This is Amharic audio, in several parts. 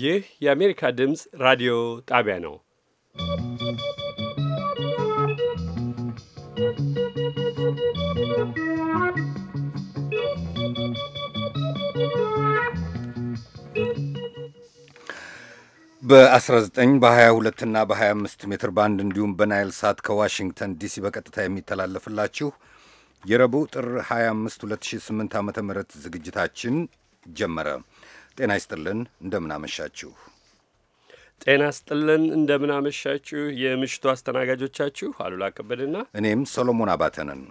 ይህ የአሜሪካ ድምፅ ራዲዮ ጣቢያ ነው። በ19 በ22 እና በ25 ሜትር ባንድ እንዲሁም በናይል ሳት ከዋሽንግተን ዲሲ በቀጥታ የሚተላለፍላችሁ የረቡዕ ጥር 25 2008 ዓ ም ዝግጅታችን ጀመረ። ጤና ይስጥልን እንደምናመሻችሁ። ጤና ስጥልን እንደምናመሻችሁ። የምሽቱ አስተናጋጆቻችሁ አሉላ ከበድና እኔም ሰሎሞን አባተንን።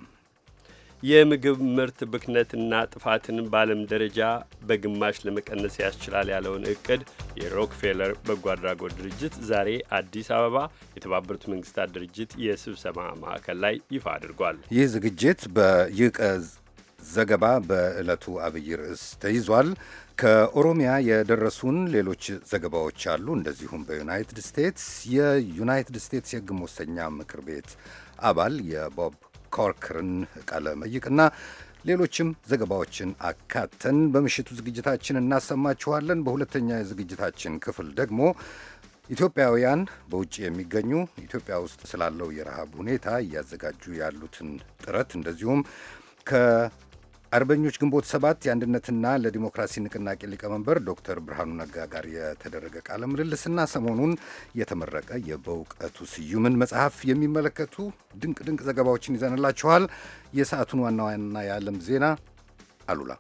የምግብ ምርት ብክነትና ጥፋትን በዓለም ደረጃ በግማሽ ለመቀነስ ያስችላል ያለውን እቅድ የሮክፌለር በጎ አድራጎት ድርጅት ዛሬ አዲስ አበባ የተባበሩት መንግስታት ድርጅት የስብሰባ ማዕከል ላይ ይፋ አድርጓል። ይህ ዝግጅት በይቀ ዘገባ በዕለቱ አብይ ርዕስ ተይዟል። ከኦሮሚያ የደረሱን ሌሎች ዘገባዎች አሉ። እንደዚሁም በዩናይትድ ስቴትስ የዩናይትድ ስቴትስ የሕግ መወሰኛ ምክር ቤት አባል የቦብ ኮርክርን ቃለ መጠይቅና ሌሎችም ዘገባዎችን አካተን በምሽቱ ዝግጅታችን እናሰማችኋለን። በሁለተኛ የዝግጅታችን ክፍል ደግሞ ኢትዮጵያውያን በውጭ የሚገኙ ኢትዮጵያ ውስጥ ስላለው የረሃብ ሁኔታ እያዘጋጁ ያሉትን ጥረት እንደዚሁም ከ አርበኞች ግንቦት ሰባት የአንድነትና ለዲሞክራሲ ንቅናቄ ሊቀመንበር ዶክተር ብርሃኑ ነጋ ጋር የተደረገ ቃለ ምልልስና ሰሞኑን የተመረቀ የበእውቀቱ ስዩምን መጽሐፍ የሚመለከቱ ድንቅ ድንቅ ዘገባዎችን ይዘንላችኋል። የሰዓቱን ዋና ዋና የዓለም ዜና አሉላ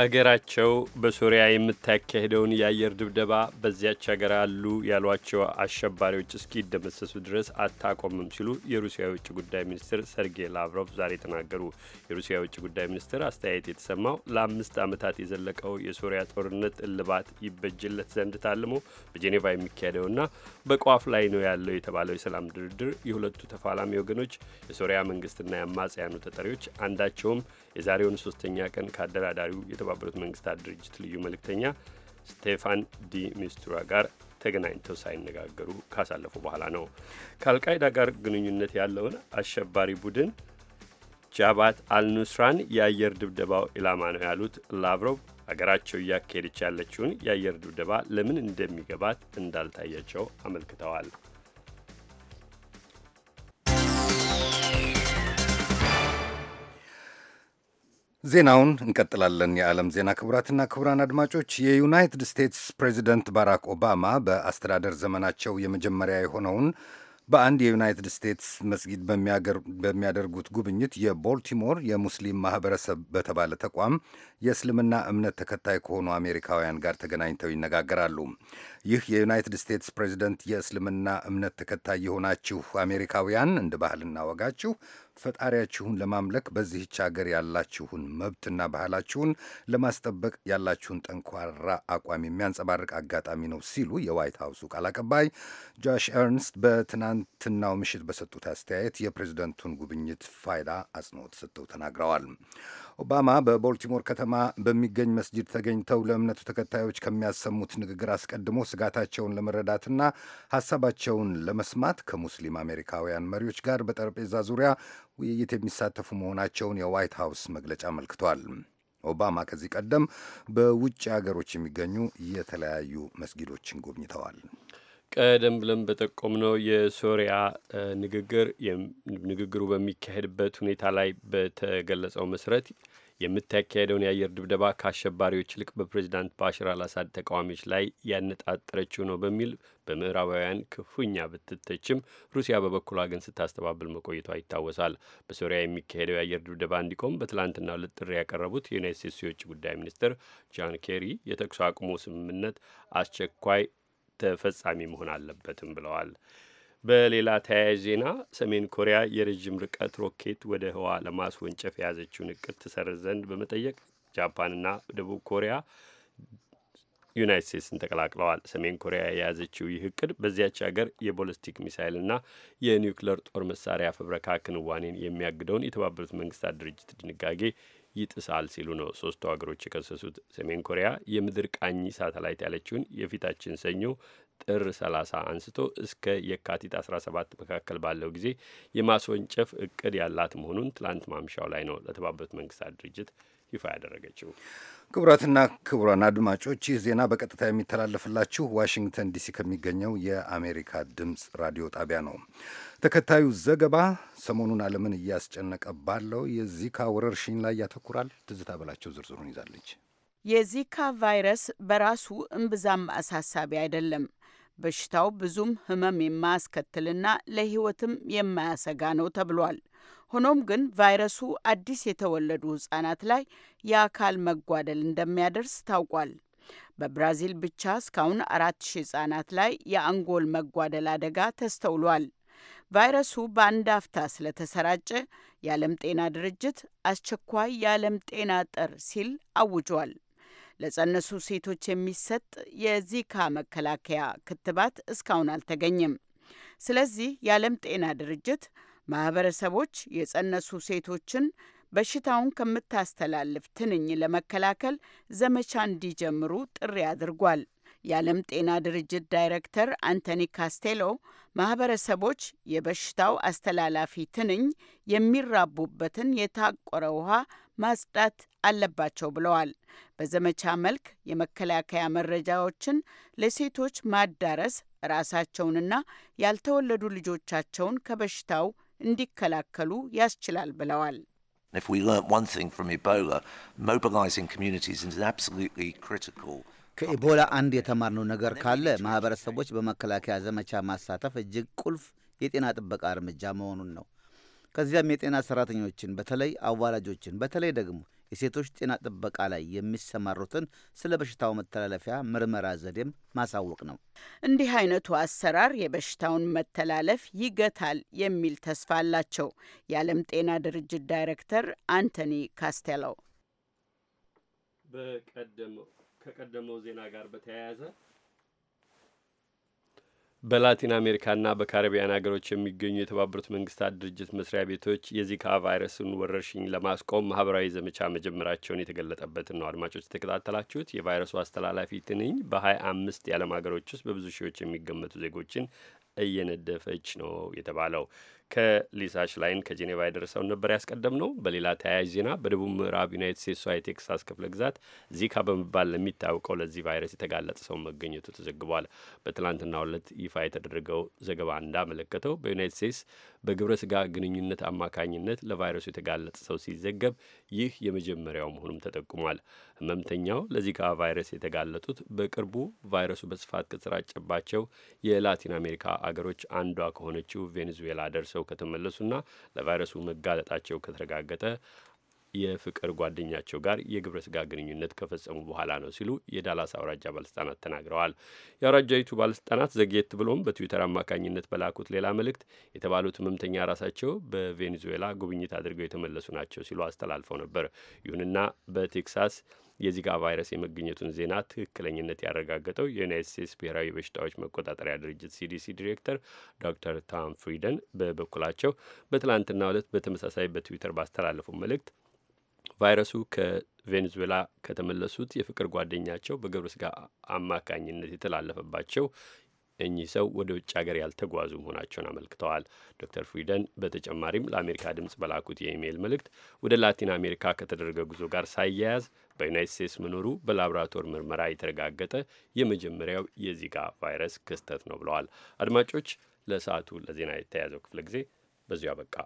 አገራቸው በሶሪያ የምታካሄደውን የአየር ድብደባ በዚያች ሀገር አሉ ያሏቸው አሸባሪዎች እስኪደመሰሱ ድረስ አታቆምም ሲሉ የሩሲያ የውጭ ጉዳይ ሚኒስትር ሰርጌይ ላቭሮቭ ዛሬ ተናገሩ። የሩሲያ የውጭ ጉዳይ ሚኒስትር አስተያየት የተሰማው ለአምስት ዓመታት የዘለቀው የሶሪያ ጦርነት እልባት ይበጅለት ዘንድ ታልሞ በጄኔቫ የሚካሄደውና በቋፍ ላይ ነው ያለው የተባለው የሰላም ድርድር የሁለቱ ተፋላሚ ወገኖች የሶሪያ መንግስትና የአማጽያኑ ተጠሪዎች አንዳቸውም የዛሬውን ሶስተኛ ቀን ከአደራዳሪው የተባበሩት መንግስታት ድርጅት ልዩ መልእክተኛ ስቴፋን ዲ ሚስቱራ ጋር ተገናኝተው ሳይነጋገሩ ካሳለፉ በኋላ ነው። ከአልቃይዳ ጋር ግንኙነት ያለውን አሸባሪ ቡድን ጃባት አልኑስራን የአየር ድብደባው ኢላማ ነው ያሉት ላቭሮቭ አገራቸው እያካሄደች ያለችውን የአየር ድብደባ ለምን እንደሚገባት እንዳልታያቸው አመልክተዋል። ዜናውን እንቀጥላለን። የዓለም ዜና ክቡራትና ክቡራን አድማጮች የዩናይትድ ስቴትስ ፕሬዚደንት ባራክ ኦባማ በአስተዳደር ዘመናቸው የመጀመሪያ የሆነውን በአንድ የዩናይትድ ስቴትስ መስጊድ በሚያደርጉት ጉብኝት የቦልቲሞር የሙስሊም ማህበረሰብ በተባለ ተቋም የእስልምና እምነት ተከታይ ከሆኑ አሜሪካውያን ጋር ተገናኝተው ይነጋገራሉ። ይህ የዩናይትድ ስቴትስ ፕሬዚደንት የእስልምና እምነት ተከታይ የሆናችሁ አሜሪካውያን እንደ ባህልና ወጋችሁ ፈጣሪያችሁን ለማምለክ በዚህች ሀገር ያላችሁን መብትና ባህላችሁን ለማስጠበቅ ያላችሁን ጠንኳራ አቋም የሚያንጸባርቅ አጋጣሚ ነው ሲሉ የዋይት ሀውሱ ቃል አቀባይ ጆሽ ኤርንስት በትናንትናው ምሽት በሰጡት አስተያየት የፕሬዝደንቱን ጉብኝት ፋይዳ አጽንኦት ሰጥተው ተናግረዋል። ኦባማ በቦልቲሞር ከተማ በሚገኝ መስጂድ ተገኝተው ለእምነቱ ተከታዮች ከሚያሰሙት ንግግር አስቀድሞ ስጋታቸውን ለመረዳትና ሀሳባቸውን ለመስማት ከሙስሊም አሜሪካውያን መሪዎች ጋር በጠረጴዛ ዙሪያ ውይይት የሚሳተፉ መሆናቸውን የዋይት ሀውስ መግለጫ አመልክቷል። ኦባማ ከዚህ ቀደም በውጭ አገሮች የሚገኙ የተለያዩ መስጊዶችን ጎብኝተዋል። ቀደም ብለን በጠቆምነው የሶሪያ ንግግር ንግግሩ በሚካሄድበት ሁኔታ ላይ በተገለጸው መሰረት የምታካሄደውን የአየር ድብደባ ከአሸባሪዎች ይልቅ በፕሬዚዳንት ባሽር አልአሳድ ተቃዋሚዎች ላይ ያነጣጠረችው ነው በሚል በምዕራባውያን ክፉኛ ብትተችም ሩሲያ በበኩሏ ግን ስታስተባብል መቆየቷ ይታወሳል። በሶሪያ የሚካሄደው የአየር ድብደባ እንዲቆም በትላንትና ሁለት ጥሪ ያቀረቡት የዩናይት ስቴትስ የውጭ ጉዳይ ሚኒስትር ጃን ኬሪ የተኩስ አቁሙ ስምምነት አስቸኳይ ተፈጻሚ መሆን አለበትም ብለዋል። በሌላ ተያያዥ ዜና ሰሜን ኮሪያ የረዥም ርቀት ሮኬት ወደ ህዋ ለማስወንጨፍ የያዘችውን እቅድ ትሰርዝ ዘንድ በመጠየቅ ጃፓንና ደቡብ ኮሪያ ዩናይት ስቴትስን ተቀላቅለዋል። ሰሜን ኮሪያ የያዘችው ይህ እቅድ በዚያች ሀገር የቦለስቲክ ሚሳይልና የኒውክለር ጦር መሳሪያ ፈብረካ ክንዋኔን የሚያግደውን የተባበሩት መንግስታት ድርጅት ድንጋጌ ይጥሳል ሲሉ ነው ሶስቱ ሀገሮች የከሰሱት። ሰሜን ኮሪያ የምድር ቃኝ ሳተላይት ያለችውን የፊታችን ሰኞ ጥር 30 አንስቶ እስከ የካቲት 17 መካከል ባለው ጊዜ የማስወንጨፍ እቅድ ያላት መሆኑን ትላንት ማምሻው ላይ ነው ለተባበሩት መንግስታት ድርጅት ይፋ ያደረገችው። ክቡራትና ክቡራን አድማጮች ይህ ዜና በቀጥታ የሚተላለፍላችሁ ዋሽንግተን ዲሲ ከሚገኘው የአሜሪካ ድምፅ ራዲዮ ጣቢያ ነው። ተከታዩ ዘገባ ሰሞኑን ዓለምን እያስጨነቀ ባለው የዚካ ወረርሽኝ ላይ ያተኩራል። ትዝታ በላቸው ዝርዝሩን ይዛለች። የዚካ ቫይረስ በራሱ እምብዛም አሳሳቢ አይደለም። በሽታው ብዙም ህመም የማያስከትልና ለህይወትም የማያሰጋ ነው ተብሏል። ሆኖም ግን ቫይረሱ አዲስ የተወለዱ ህጻናት ላይ የአካል መጓደል እንደሚያደርስ ታውቋል። በብራዚል ብቻ እስካሁን አራት ሺህ ህጻናት ላይ የአንጎል መጓደል አደጋ ተስተውሏል። ቫይረሱ በአንድ አፍታ ስለተሰራጨ የዓለም ጤና ድርጅት አስቸኳይ የዓለም ጤና ጠር ሲል አውጇል። ለጸነሱ ሴቶች የሚሰጥ የዚካ መከላከያ ክትባት እስካሁን አልተገኘም። ስለዚህ የዓለም ጤና ድርጅት ማህበረሰቦች የጸነሱ ሴቶችን በሽታውን ከምታስተላልፍ ትንኝ ለመከላከል ዘመቻ እንዲጀምሩ ጥሪ አድርጓል። የዓለም ጤና ድርጅት ዳይሬክተር አንቶኒ ካስቴሎ ማህበረሰቦች የበሽታው አስተላላፊ ትንኝ የሚራቡበትን የታቆረ ውሃ ማጽዳት አለባቸው ብለዋል። በዘመቻ መልክ የመከላከያ መረጃዎችን ለሴቶች ማዳረስ ራሳቸውንና ያልተወለዱ ልጆቻቸውን ከበሽታው እንዲከላከሉ ያስችላል ብለዋል። ከኢቦላ አንድ የተማርነው ነገር ካለ ማህበረሰቦች በመከላከያ ዘመቻ ማሳተፍ እጅግ ቁልፍ የጤና ጥበቃ እርምጃ መሆኑን ነው። ከዚያም የጤና ሰራተኞችን በተለይ አዋላጆችን፣ በተለይ ደግሞ የሴቶች ጤና ጥበቃ ላይ የሚሰማሩትን ስለ በሽታው መተላለፊያ ምርመራ ዘዴም ማሳወቅ ነው። እንዲህ አይነቱ አሰራር የበሽታውን መተላለፍ ይገታል የሚል ተስፋ አላቸው የዓለም ጤና ድርጅት ዳይሬክተር አንቶኒ ካስቴሎ። ከቀደመው ዜና ጋር በተያያዘ በላቲን አሜሪካና በካሪቢያን ሀገሮች የሚገኙ የተባበሩት መንግስታት ድርጅት መስሪያ ቤቶች የዚካ ቫይረስን ወረርሽኝ ለማስቆም ማህበራዊ ዘመቻ መጀመራቸውን የተገለጠበትን ነው። አድማጮች የተከታተላችሁት የቫይረሱ አስተላላፊ ትንኝ በሀያ አምስት የዓለም ሀገሮች ውስጥ በብዙ ሺዎች የሚገመቱ ዜጎችን እየነደፈች ነው የተባለው። ከሊሳ ሽላይን ከጄኔቫ የደረሰውን ነበር ያስቀደም ነው። በሌላ ተያያዥ ዜና በደቡብ ምዕራብ ዩናይት ስቴትሷ የቴክሳስ ክፍለ ግዛት ዚካ በመባል ለሚታወቀው ለዚህ ቫይረስ የተጋለጠ ሰው መገኘቱ ተዘግቧል። በትላንትናው ዕለት ይፋ የተደረገው ዘገባ እንዳመለከተው በዩናይት ስቴትስ በግብረ ስጋ ግንኙነት አማካኝነት ለቫይረሱ የተጋለጠ ሰው ሲዘገብ ይህ የመጀመሪያው መሆኑም ተጠቁሟል። ህመምተኛው ለዚካ ቫይረስ የተጋለጡት በቅርቡ ቫይረሱ በስፋት ከተሰራጨባቸው የላቲን አሜሪካ አገሮች አንዷ ከሆነችው ቬኔዙዌላ ደርሰው ከተመለሱና ለቫይረሱ መጋለጣቸው ከተረጋገጠ የፍቅር ጓደኛቸው ጋር የግብረ ስጋ ግንኙነት ከፈጸሙ በኋላ ነው ሲሉ የዳላስ አውራጃ ባለስልጣናት ተናግረዋል። የአውራጃዊቱ ባለስልጣናት ዘግየት ብሎም በትዊተር አማካኝነት በላኩት ሌላ መልእክት የተባሉት ህመምተኛ ራሳቸው በቬኔዙዌላ ጉብኝት አድርገው የተመለሱ ናቸው ሲሉ አስተላልፈው ነበር። ይሁንና በቴክሳስ የዚጋ ቫይረስ የመገኘቱን ዜና ትክክለኝነት ያረጋገጠው የዩናይት ስቴትስ ብሔራዊ በሽታዎች መቆጣጠሪያ ድርጅት ሲዲሲ ዲሬክተር ዶክተር ቶም ፍሪደን በበኩላቸው በትላንትና ዕለት በተመሳሳይ በትዊተር ባስተላለፉ መልእክት ቫይረሱ ከቬኔዙዌላ ከተመለሱት የፍቅር ጓደኛቸው በገብረ ስጋ አማካኝነት የተላለፈባቸው እኚህ ሰው ወደ ውጭ ሀገር ያልተጓዙ መሆናቸውን አመልክተዋል። ዶክተር ፍሪደን በተጨማሪም ለአሜሪካ ድምፅ በላኩት የኢሜይል መልእክት ወደ ላቲን አሜሪካ ከተደረገ ጉዞ ጋር ሳያያዝ በዩናይት ስቴትስ መኖሩ በላብራቶር ምርመራ የተረጋገጠ የመጀመሪያው የዚጋ ቫይረስ ክስተት ነው ብለዋል። አድማጮች፣ ለሰዓቱ ለዜና የተያዘው ክፍለ ጊዜ በዚሁ አበቃ።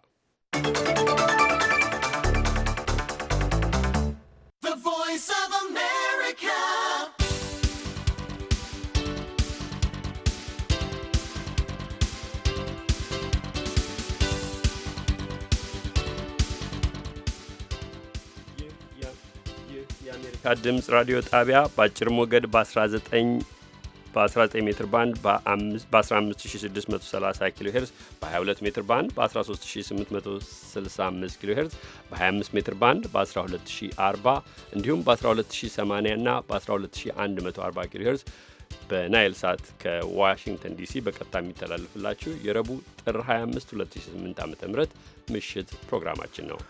የአሜሪካ ድምፅ ራዲዮ ጣቢያ በአጭር ሞገድ በ19 በ19 ሜትር ባንድ በ15630 ኪሎ ሄርዝ በ22 ሜትር ባንድ በ13865 ኪሎ ሄርዝ በ25 ሜትር ባንድ በ 1240 እንዲሁም በ 1280 እና በ12140 ኪሎ ሄርዝ በናይል ሳት ከዋሽንግተን ዲሲ በቀጥታ የሚተላለፍላችሁ የረቡዕ ጥር 25 2008 ዓ ም ምሽት ፕሮግራማችን ነው።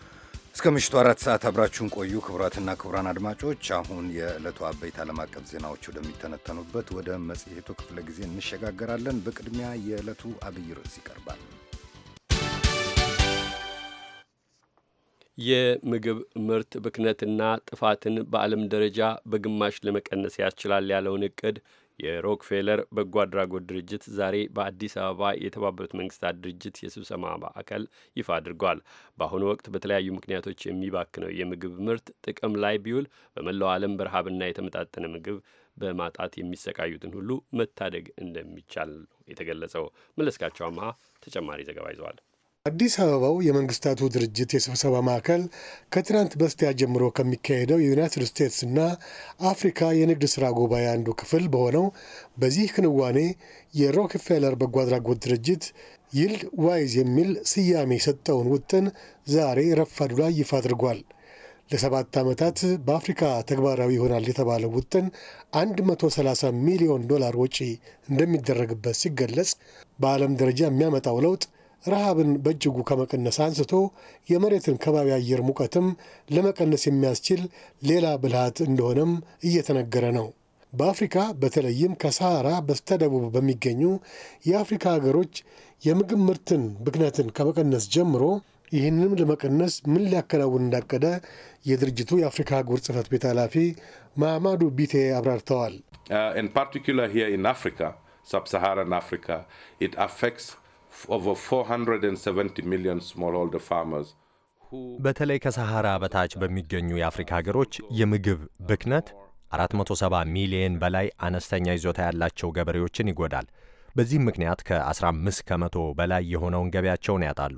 እስከ ምሽቱ አራት ሰዓት አብራችሁን ቆዩ። ክቡራትና ክቡራን አድማጮች አሁን የዕለቱ አበይት ዓለም አቀፍ ዜናዎች ወደሚተነተኑበት ወደ መጽሔቱ ክፍለ ጊዜ እንሸጋገራለን። በቅድሚያ የዕለቱ አብይ ርዕስ ይቀርባል። የምግብ ምርት ብክነትና ጥፋትን በዓለም ደረጃ በግማሽ ለመቀነስ ያስችላል ያለውን እቅድ የሮክፌለር በጎ አድራጎት ድርጅት ዛሬ በአዲስ አበባ የተባበሩት መንግስታት ድርጅት የስብሰማ ማዕከል ይፋ አድርጓል። በአሁኑ ወቅት በተለያዩ ምክንያቶች የሚባክነው የምግብ ምርት ጥቅም ላይ ቢውል በመላው ዓለም በረሃብና የተመጣጠነ ምግብ በማጣት የሚሰቃዩትን ሁሉ መታደግ እንደሚቻል ነው የተገለጸው። መለስካቸው አምሃ ተጨማሪ ዘገባ ይዘዋል። አዲስ አበባው የመንግስታቱ ድርጅት የስብሰባ ማዕከል ከትናንት በስቲያ ጀምሮ ከሚካሄደው የዩናይትድ እና አፍሪካ የንግድ ሥራ ጉባኤ አንዱ ክፍል በሆነው በዚህ ክንዋኔ የሮክፌለር በጎ አድራጎት ድርጅት ይልድ ዋይዝ የሚል ስያሜ የሰጠውን ውጥን ዛሬ ረፋዱ ላይ ይፋ አድርጓል። ለሰባት ዓመታት በአፍሪካ ተግባራዊ ይሆናል የተባለው ውጥን 130 ሚሊዮን ዶላር ወጪ እንደሚደረግበት ሲገለጽ በዓለም ደረጃ የሚያመጣው ለውጥ ረሃብን በእጅጉ ከመቀነስ አንስቶ የመሬትን ከባቢ አየር ሙቀትም ለመቀነስ የሚያስችል ሌላ ብልሃት እንደሆነም እየተነገረ ነው። በአፍሪካ በተለይም ከሰሃራ በስተደቡብ በሚገኙ የአፍሪካ ሀገሮች የምግብ ምርትን ብክነትን ከመቀነስ ጀምሮ ይህንም ለመቀነስ ምን ሊያከናውን እንዳቀደ የድርጅቱ የአፍሪካ አህጉር ጽህፈት ቤት ኃላፊ ማማዱ ቢቴ አብራርተዋል። ፓርቲኩላር ሂር ኢን አፍሪካ ሳብሳሃራን አፍሪካ ኢት አፌክትስ over 470 million smallholder farmers በተለይ ከሰሃራ በታች በሚገኙ የአፍሪካ ሀገሮች የምግብ ብክነት 470 ሚሊየን በላይ አነስተኛ ይዞታ ያላቸው ገበሬዎችን ይጎዳል። በዚህም ምክንያት ከ15 ከመቶ በላይ የሆነውን ገቢያቸውን ያጣሉ።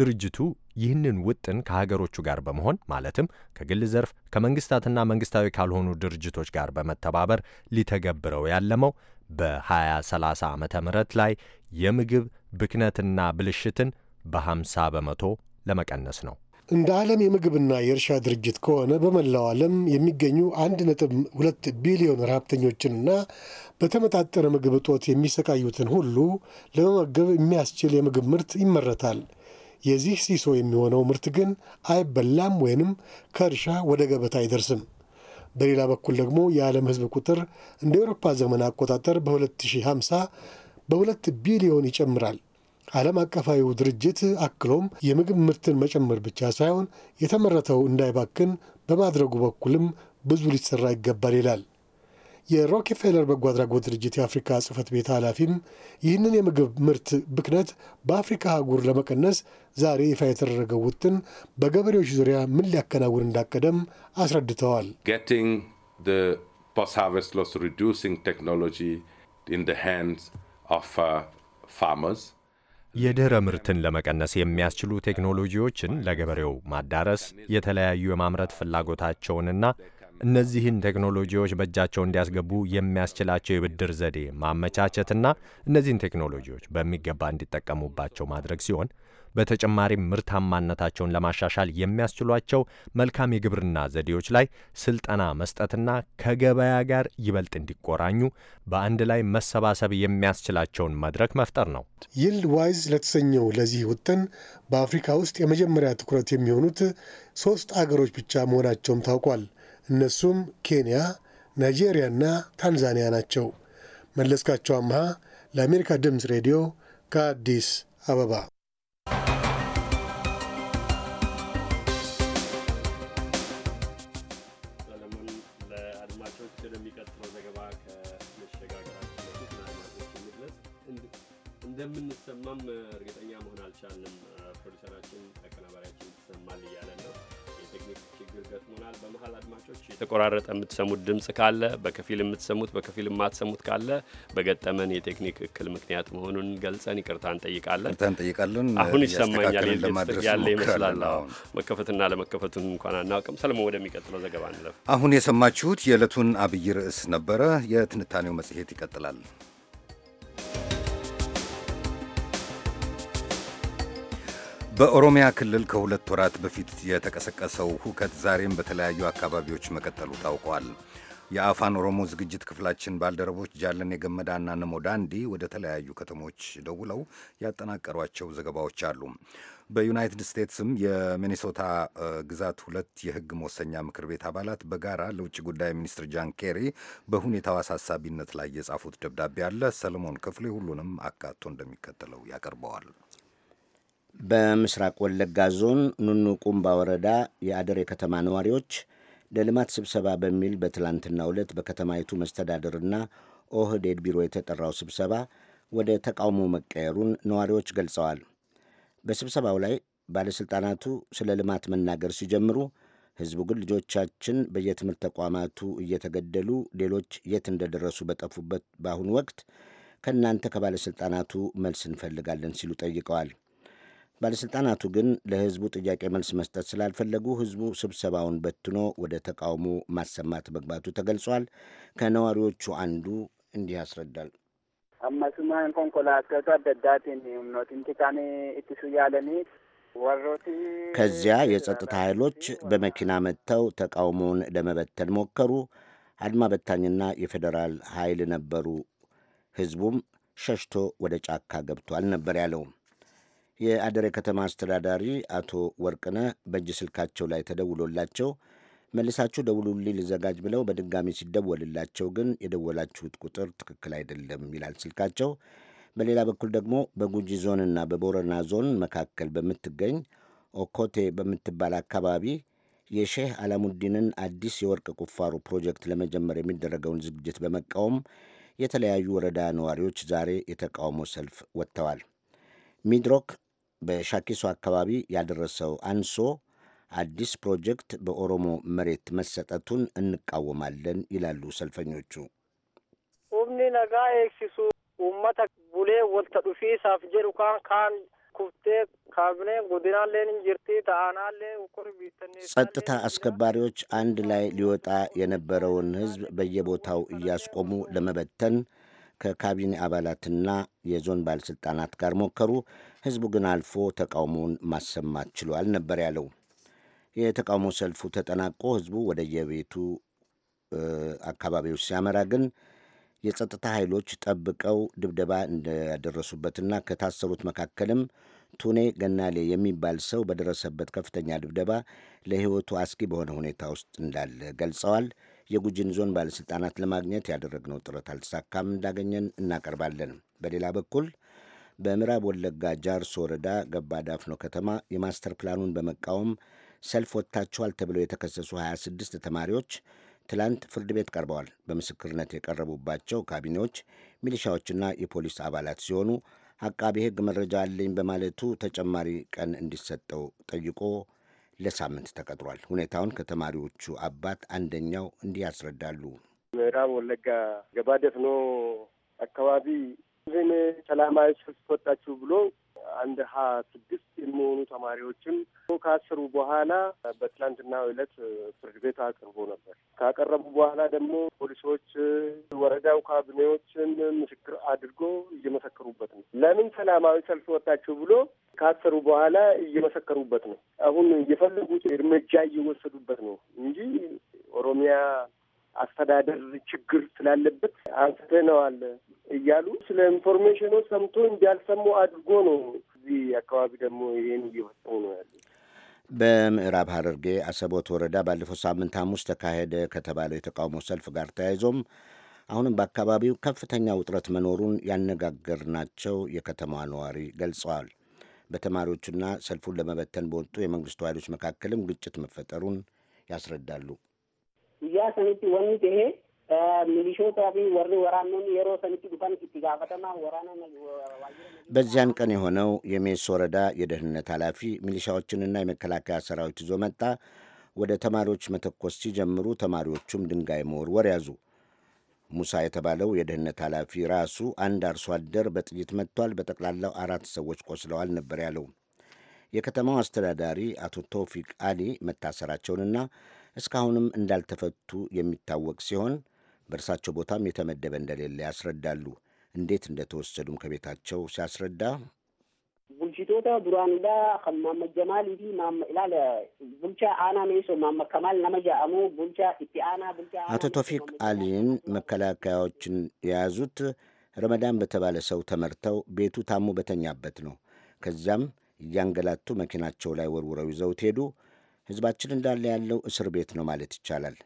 ድርጅቱ ይህንን ውጥን ከሀገሮቹ ጋር በመሆን ማለትም ከግል ዘርፍ ከመንግስታትና መንግስታዊ ካልሆኑ ድርጅቶች ጋር በመተባበር ሊተገብረው ያለመው በ2030 ዓ ም ላይ የምግብ ብክነትና ብልሽትን በ50 በመቶ ለመቀነስ ነው። እንደ ዓለም የምግብና የእርሻ ድርጅት ከሆነ በመላው ዓለም የሚገኙ 1.2 ቢሊዮን ረሃብተኞችንና በተመጣጠነ ምግብ እጦት የሚሰቃዩትን ሁሉ ለመመገብ የሚያስችል የምግብ ምርት ይመረታል። የዚህ ሲሶ የሚሆነው ምርት ግን አይበላም ወይንም ከእርሻ ወደ ገበታ አይደርስም። በሌላ በኩል ደግሞ የዓለም ሕዝብ ቁጥር እንደ አውሮፓ ዘመን አቆጣጠር በ2050 በሁለት ቢሊዮን ይጨምራል። ዓለም አቀፋዊው ድርጅት አክሎም የምግብ ምርትን መጨመር ብቻ ሳይሆን የተመረተው እንዳይባክን በማድረጉ በኩልም ብዙ ሊሰራ ይገባል ይላል። የሮኬፌለር በጎ አድራጎት ድርጅት የአፍሪካ ጽህፈት ቤት ኃላፊም ይህንን የምግብ ምርት ብክነት በአፍሪካ አህጉር ለመቀነስ ዛሬ ይፋ የተደረገው ውጥን በገበሬዎች ዙሪያ ምን ሊያከናውን እንዳቀደም አስረድተዋል። ፖስት ሃርቨስት ሎስ ሪዱሲንግ ቴክኖሎጂ ኢን ሃንድስ Uh, የድኅረ ምርትን ለመቀነስ የሚያስችሉ ቴክኖሎጂዎችን ለገበሬው ማዳረስ፣ የተለያዩ የማምረት ፍላጎታቸውንና እነዚህን ቴክኖሎጂዎች በእጃቸው እንዲያስገቡ የሚያስችላቸው የብድር ዘዴ ማመቻቸትና እነዚህን ቴክኖሎጂዎች በሚገባ እንዲጠቀሙባቸው ማድረግ ሲሆን በተጨማሪም ምርታማነታቸውን ለማሻሻል የሚያስችሏቸው መልካም የግብርና ዘዴዎች ላይ ስልጠና መስጠትና ከገበያ ጋር ይበልጥ እንዲቆራኙ በአንድ ላይ መሰባሰብ የሚያስችላቸውን መድረክ መፍጠር ነው። ይልድ ዋይዝ ለተሰኘው ለዚህ ውጥን በአፍሪካ ውስጥ የመጀመሪያ ትኩረት የሚሆኑት ሶስት አገሮች ብቻ መሆናቸውም ታውቋል። እነሱም ኬንያ፣ ናይጄሪያና ታንዛኒያ ናቸው። መለስካቸው አምሃ ለአሜሪካ ድምፅ ሬዲዮ ከአዲስ አበባ እንደምንሰማም እርግጠኛ መሆን አልቻልንም። ፕሮዲሰራችን ተቀናባሪያችን ይሰማል እያለ ነው። የቴክኒክ ችግር ገጥሞናል። በመሀል አድማጮች የተቆራረጠ የምትሰሙት ድምፅ ካለ በከፊል የምትሰሙት በከፊል የማትሰሙት ካለ በገጠመን የቴክኒክ እክል ምክንያት መሆኑን ገልጸን ይቅርታ እንጠይቃለን እንጠይቃለን። አሁን ይሰማኛል ያለ ይመስላል። መከፈትና ለመከፈቱን እንኳን አናውቅም። ሰለሞን ወደሚቀጥለው ዘገባ እንለፍ። አሁን የሰማችሁት የዕለቱን አብይ ርዕስ ነበረ። የትንታኔው መጽሔት ይቀጥላል። በኦሮሚያ ክልል ከሁለት ወራት በፊት የተቀሰቀሰው ሁከት ዛሬም በተለያዩ አካባቢዎች መቀጠሉ ታውቋል። የአፋን ኦሮሞ ዝግጅት ክፍላችን ባልደረቦች ጃለኔ ገመዳና ነሞ ዳንዲ ወደ ተለያዩ ከተሞች ደውለው ያጠናቀሯቸው ዘገባዎች አሉ። በዩናይትድ ስቴትስም የሚኒሶታ ግዛት ሁለት የሕግ መወሰኛ ምክር ቤት አባላት በጋራ ለውጭ ጉዳይ ሚኒስትር ጃን ኬሪ በሁኔታው አሳሳቢነት ላይ የጻፉት ደብዳቤ አለ። ሰለሞን ክፍሌ ሁሉንም አካቶ እንደሚከተለው ያቀርበዋል። በምስራቅ ወለጋ ዞን ኑኑ ቁምባ ወረዳ የአደሬ ከተማ ነዋሪዎች ለልማት ስብሰባ በሚል በትላንትና ዕለት በከተማይቱ መስተዳድርና ኦህዴድ ቢሮ የተጠራው ስብሰባ ወደ ተቃውሞ መቀየሩን ነዋሪዎች ገልጸዋል። በስብሰባው ላይ ባለሥልጣናቱ ስለ ልማት መናገር ሲጀምሩ፣ ሕዝቡ ግን ልጆቻችን በየትምህርት ተቋማቱ እየተገደሉ ሌሎች የት እንደደረሱ በጠፉበት በአሁኑ ወቅት ከእናንተ ከባለሥልጣናቱ መልስ እንፈልጋለን ሲሉ ጠይቀዋል። ባለሥልጣናቱ ግን ለሕዝቡ ጥያቄ መልስ መስጠት ስላልፈለጉ ሕዝቡ ስብሰባውን በትኖ ወደ ተቃውሞ ማሰማት መግባቱ ተገልጿል። ከነዋሪዎቹ አንዱ እንዲህ ያስረዳል። አመሱማን ኮንኮላቶቱ አደዳቲን ምኖትንቲካኔ እትሱ ያለኒ ከዚያ የጸጥታ ኃይሎች በመኪና መጥተው ተቃውሞውን ለመበተን ሞከሩ። አድማ በታኝና የፌዴራል ኃይል ነበሩ። ሕዝቡም ሸሽቶ ወደ ጫካ ገብቷል ነበር ያለውም። የአደሬ ከተማ አስተዳዳሪ አቶ ወርቅነ በእጅ ስልካቸው ላይ ተደውሎላቸው መልሳችሁ ደውሉልኝ ልዘጋጅ ብለው በድጋሚ ሲደወልላቸው ግን የደወላችሁት ቁጥር ትክክል አይደለም ይላል ስልካቸው። በሌላ በኩል ደግሞ በጉጂ ዞንና በቦረና ዞን መካከል በምትገኝ ኦኮቴ በምትባል አካባቢ የሼህ አላሙዲንን አዲስ የወርቅ ቁፋሮ ፕሮጀክት ለመጀመር የሚደረገውን ዝግጅት በመቃወም የተለያዩ ወረዳ ነዋሪዎች ዛሬ የተቃውሞ ሰልፍ ወጥተዋል። ሚድሮክ በሻኪሶ አካባቢ ያደረሰው አንሶ አዲስ ፕሮጀክት በኦሮሞ መሬት መሰጠቱን እንቃወማለን ይላሉ ሰልፈኞቹ። ሁምኒ ነጋ ኤክሲሱ ኡመተ ቡሌ ወልተ ዱፊ ሳፍ ጀሩ ካን ካን ኩፍቴ ካብኔ ጎዲናሌን እንጅርቲ ተአናሌ ኩር ቢተኔ ጸጥታ አስከባሪዎች አንድ ላይ ሊወጣ የነበረውን ህዝብ በየቦታው እያስቆሙ ለመበተን ከካቢኔ አባላትና የዞን ባለሥልጣናት ጋር ሞከሩ። ሕዝቡ ግን አልፎ ተቃውሞውን ማሰማት ችሏል ነበር ያለው። የተቃውሞ ሰልፉ ተጠናቆ ሕዝቡ ወደየቤቱ አካባቢዎች ሲያመራ ግን የጸጥታ ኃይሎች ጠብቀው ድብደባ እንዳደረሱበትና ከታሰሩት መካከልም ቱኔ ገናሌ የሚባል ሰው በደረሰበት ከፍተኛ ድብደባ ለሕይወቱ አስጊ በሆነ ሁኔታ ውስጥ እንዳለ ገልጸዋል። የጉጂን ዞን ባለሥልጣናት ለማግኘት ያደረግነው ጥረት አልተሳካም። እንዳገኘን እናቀርባለን። በሌላ በኩል በምዕራብ ወለጋ ጃርሶ ወረዳ ገባ ዳፍኖ ከተማ የማስተር ፕላኑን በመቃወም ሰልፍ ወጥታችኋል ተብለው የተከሰሱ 26 ተማሪዎች ትላንት ፍርድ ቤት ቀርበዋል። በምስክርነት የቀረቡባቸው ካቢኔዎች፣ ሚሊሻዎችና የፖሊስ አባላት ሲሆኑ አቃቢ ሕግ መረጃ አለኝ በማለቱ ተጨማሪ ቀን እንዲሰጠው ጠይቆ ለሳምንት ተቀጥሯል። ሁኔታውን ከተማሪዎቹ አባት አንደኛው እንዲህ ያስረዳሉ። ምዕራብ ወለጋ ገባ ደፍኖ አካባቢ ግን ሰላማዊ ሰልፍ ወጣችሁ ብሎ አንድ ሀ ስድስት የሚሆኑ ተማሪዎችን ካሰሩ በኋላ በትላንትና ዕለት ፍርድ ቤት አቅርቦ ነበር። ካቀረቡ በኋላ ደግሞ ፖሊሶች ወረዳው ካቢኔዎችን ምስክር አድርጎ እየመሰከሩበት ነው። ለምን ሰላማዊ ሰልፍ ወጣችሁ ብሎ ካሰሩ በኋላ እየመሰከሩበት ነው። አሁን የፈለጉት እርምጃ እየወሰዱበት ነው እንጂ ኦሮሚያ አስተዳደር ችግር ስላለበት አንስተነዋል እያሉ ስለ ኢንፎርሜሽኑ ሰምቶ እንዲያልሰሙ አድርጎ ነው። እዚህ አካባቢ ደግሞ ይህን እየወጣው ነው ያለ። በምዕራብ ሐረርጌ አሰቦት ወረዳ ባለፈው ሳምንት ሐሙስ ተካሄደ ከተባለው የተቃውሞ ሰልፍ ጋር ተያይዞም አሁንም በአካባቢው ከፍተኛ ውጥረት መኖሩን ያነጋገርናቸው የከተማዋ ነዋሪ ገልጸዋል። በተማሪዎቹና ሰልፉን ለመበተን በወጡ የመንግስቱ ኃይሎች መካከልም ግጭት መፈጠሩን ያስረዳሉ። guyyaa sanitti wanni tahee ሚሊሾታ ወር ወራነን የሮ ሰኒቲ ዱካን ኪቲ ጋፈተማ ወራነ በዚያን ቀን የሆነው የሜስ ወረዳ የደህንነት ኃላፊ ሚሊሻዎችንና የመከላከያ ሰራዊት ይዞ መጣ። ወደ ተማሪዎች መተኮስ ሲጀምሩ ተማሪዎቹም ድንጋይ መወርወር ያዙ። ሙሳ የተባለው የደህንነት ኃላፊ ራሱ አንድ አርሶ አደር በጥይት መጥቷል፣ በጠቅላላው አራት ሰዎች ቆስለዋል ነበር ያለው። የከተማው አስተዳዳሪ አቶ ቶፊቅ አሊ መታሰራቸውንና እስካሁንም እንዳልተፈቱ የሚታወቅ ሲሆን በእርሳቸው ቦታም የተመደበ እንደሌለ ያስረዳሉ። እንዴት እንደተወሰዱም ከቤታቸው ሲያስረዳ ቡልሽቶታ ዱራኑዳ ከማመ ጀማል እንዲ ላለ ቡልቻ አና ሜሶ ማመ ከማል አሙ ቡልቻ ኢቲ አና ቡልቻ አቶ ቶፊቅ አሊን መከላከያዎችን የያዙት ረመዳን በተባለ ሰው ተመርተው ቤቱ ታሞ በተኛበት ነው። ከዚያም እያንገላቱ መኪናቸው ላይ ወርውረው ይዘውት ሄዱ። ሕዝባችን እንዳለ ያለው እስር ቤት ነው ማለት ይቻላል።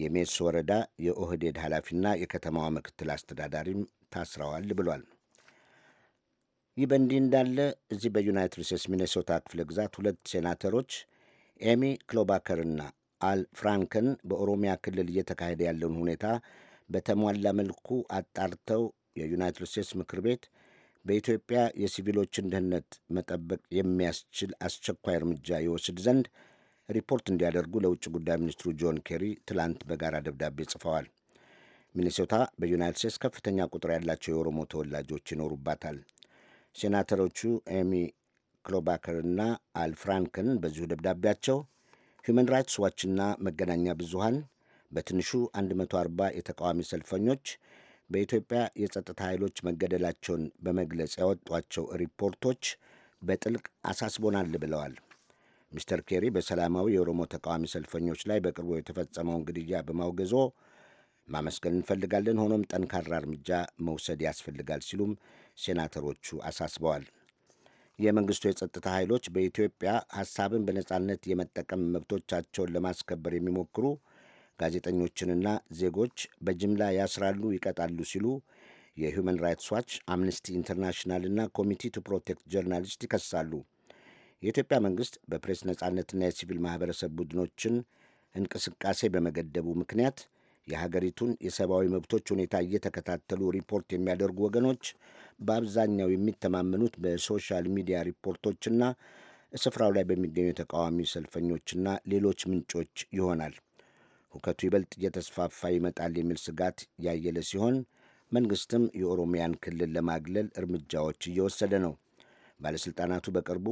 የሜስ ወረዳ የኦህዴድ ኃላፊና የከተማዋ ምክትል አስተዳዳሪም ታስረዋል ብሏል። ይህ በእንዲህ እንዳለ እዚህ በዩናይትድ ስቴትስ ሚኔሶታ ክፍለ ግዛት ሁለት ሴናተሮች ኤሚ ክሎባከርና አል ፍራንክን በኦሮሚያ ክልል እየተካሄደ ያለውን ሁኔታ በተሟላ መልኩ አጣርተው የዩናይትድ ስቴትስ ምክር ቤት በኢትዮጵያ የሲቪሎችን ደህንነት መጠበቅ የሚያስችል አስቸኳይ እርምጃ ይወስድ ዘንድ ሪፖርት እንዲያደርጉ ለውጭ ጉዳይ ሚኒስትሩ ጆን ኬሪ ትላንት በጋራ ደብዳቤ ጽፈዋል። ሚኒሶታ በዩናይት ስቴትስ ከፍተኛ ቁጥር ያላቸው የኦሮሞ ተወላጆች ይኖሩባታል። ሴናተሮቹ ኤሚ ክሎባከርና አልፍራንክን በዚሁ ደብዳቤያቸው ሁመን ራይትስ ዋችና መገናኛ ብዙሃን በትንሹ 140 የተቃዋሚ ሰልፈኞች በኢትዮጵያ የጸጥታ ኃይሎች መገደላቸውን በመግለጽ ያወጧቸው ሪፖርቶች በጥልቅ አሳስቦናል ብለዋል። ሚስተር ኬሪ በሰላማዊ የኦሮሞ ተቃዋሚ ሰልፈኞች ላይ በቅርቡ የተፈጸመውን ግድያ በማውገዞ ማመስገን እንፈልጋለን፣ ሆኖም ጠንካራ እርምጃ መውሰድ ያስፈልጋል ሲሉም ሴናተሮቹ አሳስበዋል። የመንግስቱ የጸጥታ ኃይሎች በኢትዮጵያ ሐሳብን በነጻነት የመጠቀም መብቶቻቸውን ለማስከበር የሚሞክሩ ጋዜጠኞችንና ዜጎች በጅምላ ያስራሉ፣ ይቀጣሉ ሲሉ የሁማን ራይትስ ዋች፣ አምነስቲ ኢንተርናሽናል እና ኮሚቲ ቱ ፕሮቴክት ጆርናሊስት ይከሳሉ። የኢትዮጵያ መንግሥት በፕሬስ ነጻነትና የሲቪል ማኅበረሰብ ቡድኖችን እንቅስቃሴ በመገደቡ ምክንያት የሀገሪቱን የሰብአዊ መብቶች ሁኔታ እየተከታተሉ ሪፖርት የሚያደርጉ ወገኖች በአብዛኛው የሚተማመኑት በሶሻል ሚዲያ ሪፖርቶችና ስፍራው ላይ በሚገኙ ተቃዋሚ ሰልፈኞችና ሌሎች ምንጮች ይሆናል። ሁከቱ ይበልጥ እየተስፋፋ ይመጣል የሚል ስጋት ያየለ ሲሆን መንግሥትም የኦሮሚያን ክልል ለማግለል እርምጃዎች እየወሰደ ነው። ባለሥልጣናቱ በቅርቡ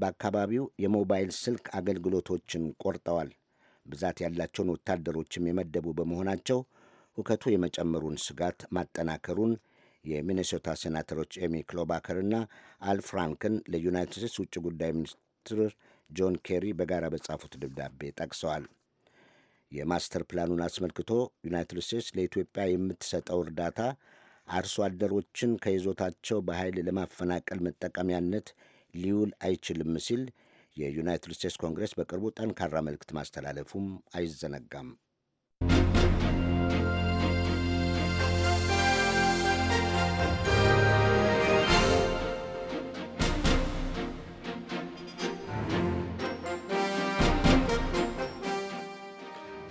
በአካባቢው የሞባይል ስልክ አገልግሎቶችን ቆርጠዋል። ብዛት ያላቸውን ወታደሮችም የመደቡ በመሆናቸው ሁከቱ የመጨመሩን ስጋት ማጠናከሩን የሚኔሶታ ሴናተሮች ኤሚ ክሎባከርና አል ፍራንክን ለዩናይትድ ስቴትስ ውጭ ጉዳይ ሚኒስትር ጆን ኬሪ በጋራ በጻፉት ደብዳቤ ጠቅሰዋል። የማስተር ፕላኑን አስመልክቶ ዩናይትድ ስቴትስ ለኢትዮጵያ የምትሰጠው እርዳታ አርሶ አደሮችን ከይዞታቸው በኃይል ለማፈናቀል መጠቀሚያነት ሊውል አይችልም ሲል የዩናይትድ ስቴትስ ኮንግረስ በቅርቡ ጠንካራ መልእክት ማስተላለፉም አይዘነጋም።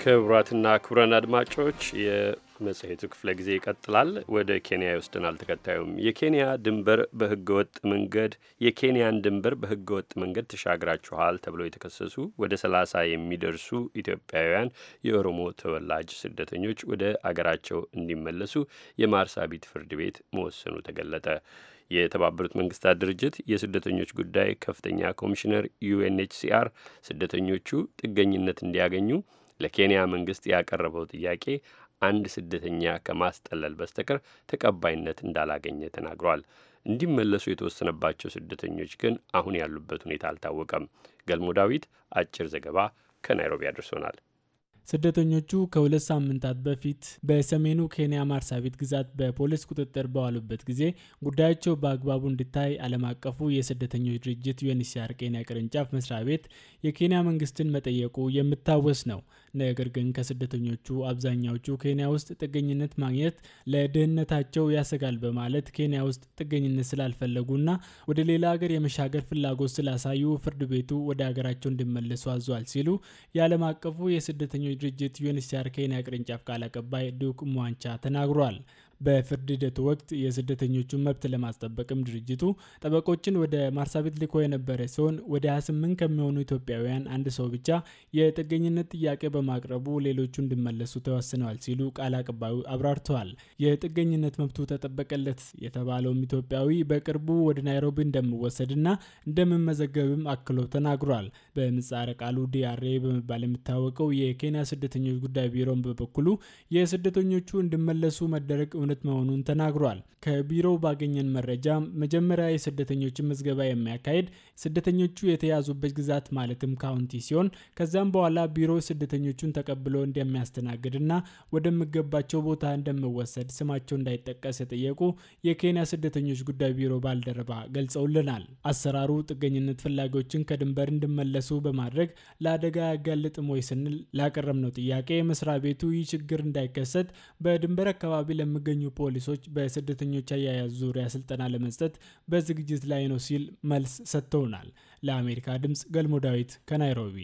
ክቡራትና ክቡራን አድማጮች የመጽሔቱ ክፍለ ጊዜ ይቀጥላል። ወደ ኬንያ ይወስደናል። ተከታዩም የኬንያ ድንበር በህገወጥ መንገድ የኬንያን ድንበር በህገወጥ መንገድ ተሻግራችኋል ተብለው የተከሰሱ ወደ ሰላሳ የሚደርሱ ኢትዮጵያውያን የኦሮሞ ተወላጅ ስደተኞች ወደ አገራቸው እንዲመለሱ የማርሳቢት ፍርድ ቤት መወሰኑ ተገለጠ። የተባበሩት መንግስታት ድርጅት የስደተኞች ጉዳይ ከፍተኛ ኮሚሽነር ዩኤንኤችሲአር ስደተኞቹ ጥገኝነት እንዲያገኙ ለኬንያ መንግስት ያቀረበው ጥያቄ አንድ ስደተኛ ከማስጠለል በስተቀር ተቀባይነት እንዳላገኘ ተናግሯል። እንዲመለሱ የተወሰነባቸው ስደተኞች ግን አሁን ያሉበት ሁኔታ አልታወቀም። ገልሞ ዳዊት አጭር ዘገባ ከናይሮቢ አድርሶናል። ስደተኞቹ ከሁለት ሳምንታት በፊት በሰሜኑ ኬንያ ማርሳቢት ግዛት በፖሊስ ቁጥጥር በዋሉበት ጊዜ ጉዳያቸው በአግባቡ እንዲታይ ዓለም አቀፉ የስደተኞች ድርጅት ዩኤንኤችሲአር ኬንያ ቅርንጫፍ መስሪያ ቤት የኬንያ መንግስትን መጠየቁ የሚታወስ ነው። ነገር ግን ከስደተኞቹ አብዛኛዎቹ ኬንያ ውስጥ ጥገኝነት ማግኘት ለድህነታቸው ያሰጋል በማለት ኬንያ ውስጥ ጥገኝነት ስላልፈለጉና ወደ ሌላ ሀገር የመሻገር ፍላጎት ስላሳዩ ፍርድ ቤቱ ወደ ሀገራቸው እንዲመለሱ አዟል ሲሉ የዓለም አቀፉ የስደተኞች ድርጅት ዩኤንኤችሲአር ኬንያ ቅርንጫፍ ቃል አቀባይ ዱክ ሟንቻ ተናግሯል። በፍርድ ሂደቱ ወቅት የስደተኞቹን መብት ለማስጠበቅም ድርጅቱ ጠበቆችን ወደ ማርሳቤት ልኮ የነበረ ሲሆን ወደ 28 ከሚሆኑ ኢትዮጵያውያን አንድ ሰው ብቻ የጥገኝነት ጥያቄ በማቅረቡ ሌሎቹ እንዲመለሱ ተወስነዋል ሲሉ ቃል አቀባዩ አብራርተዋል። የጥገኝነት መብቱ ተጠበቀለት የተባለውም ኢትዮጵያዊ በቅርቡ ወደ ናይሮቢ እንደሚወሰድና እንደምመዘገብም አክሎ ተናግሯል። በምጻረ ቃሉ ዲአርኤ በመባል የሚታወቀው የኬንያ ስደተኞች ጉዳይ ቢሮን በበኩሉ የስደተኞቹ እንዲመለሱ መደረግ እውነት መሆኑን ተናግሯል። ከቢሮው ባገኘን መረጃ መጀመሪያ የስደተኞችን ምዝገባ የሚያካሄድ ስደተኞቹ የተያዙበት ግዛት ማለትም ካውንቲ ሲሆን ከዚያም በኋላ ቢሮ ስደተኞቹን ተቀብሎ እንደሚያስተናግድና ወደሚገባቸው ቦታ እንደሚወሰድ ስማቸው እንዳይጠቀስ የጠየቁ የኬንያ ስደተኞች ጉዳይ ቢሮ ባልደረባ ገልጸውልናል። አሰራሩ ጥገኝነት ፈላጊዎችን ከድንበር እንዲመለሱ በማድረግ ለአደጋ ያጋልጥም ወይ ስንል ላቀረብነው ጥያቄ መስሪያ ቤቱ ይህ ችግር እንዳይከሰት በድንበር አካባቢ ለሚገኙ የሚገኙ ፖሊሶች በስደተኞች አያያዝ ዙሪያ ስልጠና ለመስጠት በዝግጅት ላይ ነው ሲል መልስ ሰጥተውናል። ለአሜሪካ ድምፅ ገልሞ ዳዊት ከናይሮቢ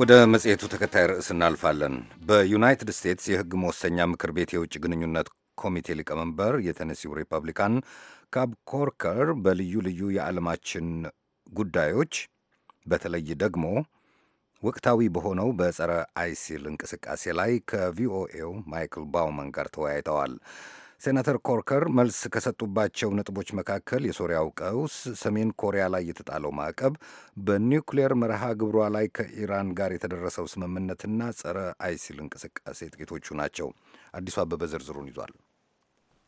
ወደ መጽሔቱ ተከታይ ርዕስ እናልፋለን። በዩናይትድ ስቴትስ የሕግ መወሰኛ ምክር ቤት የውጭ ግንኙነት ኮሚቴ ሊቀመንበር የተነሲው ሪፐብሊካን ካብ ኮርከር በልዩ ልዩ የዓለማችን ጉዳዮች በተለይ ደግሞ ወቅታዊ በሆነው በጸረ አይሲል እንቅስቃሴ ላይ ከቪኦኤው ማይክል ባውመን ጋር ተወያይተዋል። ሴናተር ኮርከር መልስ ከሰጡባቸው ነጥቦች መካከል የሶሪያው ቀውስ፣ ሰሜን ኮሪያ ላይ የተጣለው ማዕቀብ፣ በኒውክሌር መርሃ ግብሯ ላይ ከኢራን ጋር የተደረሰው ስምምነትና ጸረ አይሲል እንቅስቃሴ ጥቂቶቹ ናቸው። አዲሱ አበበ ዝርዝሩን ይዟል።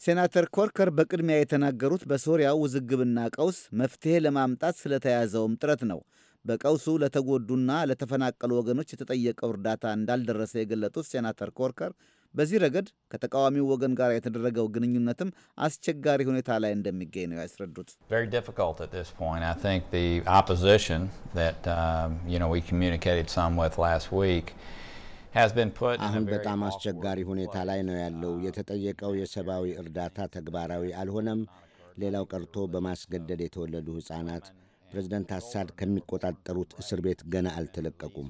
ሴናተር ኮርከር በቅድሚያ የተናገሩት በሶሪያው ውዝግብና ቀውስ መፍትሔ ለማምጣት ስለተያዘውም ጥረት ነው። በቀውሱ ለተጎዱና ለተፈናቀሉ ወገኖች የተጠየቀው እርዳታ እንዳልደረሰ የገለጡት ሴናተር ኮርከር በዚህ ረገድ ከተቃዋሚው ወገን ጋር የተደረገው ግንኙነትም አስቸጋሪ ሁኔታ ላይ እንደሚገኝ ነው ያስረዱት። um, አሁን በጣም አስቸጋሪ ሁኔታ ላይ ነው ያለው። uh, የተጠየቀው የሰብአዊ እርዳታ ተግባራዊ አልሆነም። ሌላው ቀርቶ በማስገደድ የተወለዱ ሕፃናት ፕሬዚደንት አሳድ ከሚቆጣጠሩት እስር ቤት ገና አልተለቀቁም።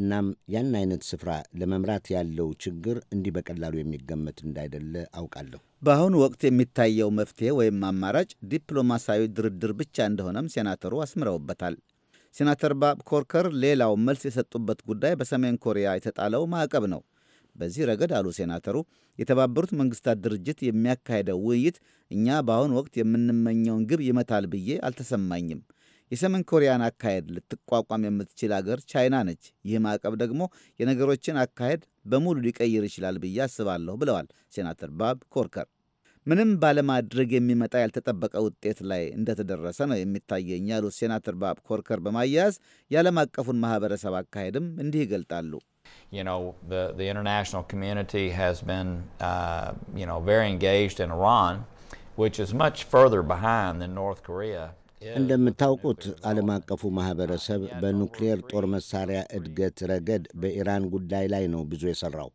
እናም ያን አይነት ስፍራ ለመምራት ያለው ችግር እንዲህ በቀላሉ የሚገመት እንዳይደለ አውቃለሁ። በአሁኑ ወቅት የሚታየው መፍትሄ ወይም አማራጭ ዲፕሎማሲያዊ ድርድር ብቻ እንደሆነም ሴናተሩ አስምረውበታል። ሴናተር ባብ ኮርከር ሌላው መልስ የሰጡበት ጉዳይ በሰሜን ኮሪያ የተጣለው ማዕቀብ ነው። በዚህ ረገድ አሉ ሴናተሩ፣ የተባበሩት መንግስታት ድርጅት የሚያካሄደው ውይይት እኛ በአሁኑ ወቅት የምንመኘውን ግብ ይመታል ብዬ አልተሰማኝም። የሰሜን ኮሪያን አካሄድ ልትቋቋም የምትችል አገር ቻይና ነች። ይህ ማዕቀብ ደግሞ የነገሮችን አካሄድ በሙሉ ሊቀይር ይችላል ብዬ አስባለሁ ብለዋል ሴናተር ባብ ኮርከር። ምንም ባለማድረግ የሚመጣ ያልተጠበቀ ውጤት ላይ እንደተደረሰ ነው የሚታየኝ ያሉት ሴናተር ባብ ኮርከር በማያያዝ የዓለም አቀፉን ማህበረሰብ አካሄድም እንዲህ ይገልጣሉ። እንደምታውቁት ዓለም አቀፉ ማኅበረሰብ በኑክሌር ጦር መሣሪያ እድገት ረገድ በኢራን ጉዳይ ላይ ነው ብዙ የሠራው።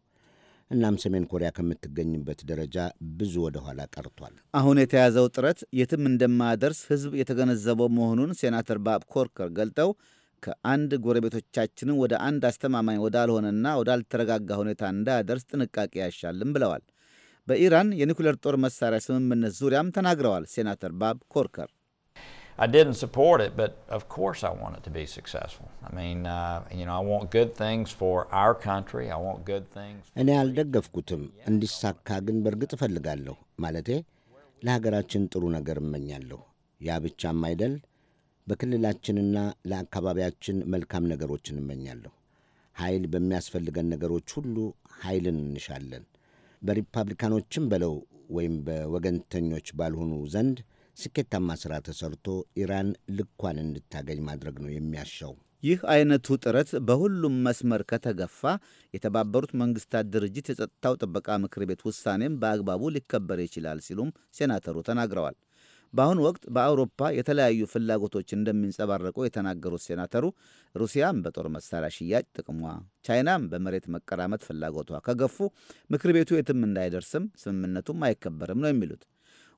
እናም ሰሜን ኮሪያ ከምትገኝበት ደረጃ ብዙ ወደ ኋላ ቀርቷል። አሁን የተያዘው ጥረት የትም እንደማያደርስ ሕዝብ የተገነዘበው መሆኑን ሴናተር ባብ ኮርከር ገልጠው ከአንድ ጎረቤቶቻችንን ወደ አንድ አስተማማኝ ወዳልሆነና ወዳልተረጋጋ ሁኔታ እንዳያደርስ ጥንቃቄ ያሻልም ብለዋል። በኢራን የኒኩሌር ጦር መሳሪያ ስምምነት ዙሪያም ተናግረዋል ሴናተር ባብ ኮርከር I didn't support it, but of course I want it to be successful. I mean, uh, you know, I want good things for our country. I want good things. እኔ አልደገፍኩትም፣ እንዲሳካ ግን በእርግጥ እፈልጋለሁ። ማለቴ ለሀገራችን ጥሩ ነገር እመኛለሁ። ያ ብቻም አይደል፣ በክልላችንና ለአካባቢያችን መልካም ነገሮችን እመኛለሁ። ኃይል በሚያስፈልገን ነገሮች ሁሉ ኃይልን እንሻለን። በሪፐብሊካኖችም በለው ወይም በወገንተኞች ባልሆኑ ዘንድ ስኬታማ ሥራ ተሰርቶ ኢራን ልኳን እንድታገኝ ማድረግ ነው የሚያሻው። ይህ አይነቱ ጥረት በሁሉም መስመር ከተገፋ የተባበሩት መንግስታት ድርጅት የጸጥታው ጥበቃ ምክር ቤት ውሳኔም በአግባቡ ሊከበር ይችላል ሲሉም ሴናተሩ ተናግረዋል። በአሁኑ ወቅት በአውሮፓ የተለያዩ ፍላጎቶች እንደሚንጸባረቁ የተናገሩት ሴናተሩ ሩሲያም በጦር መሳሪያ ሽያጭ ጥቅሟ፣ ቻይናም በመሬት መቀራመት ፍላጎቷ ከገፉ ምክር ቤቱ የትም እንዳይደርስም ስምምነቱም አይከበርም ነው የሚሉት።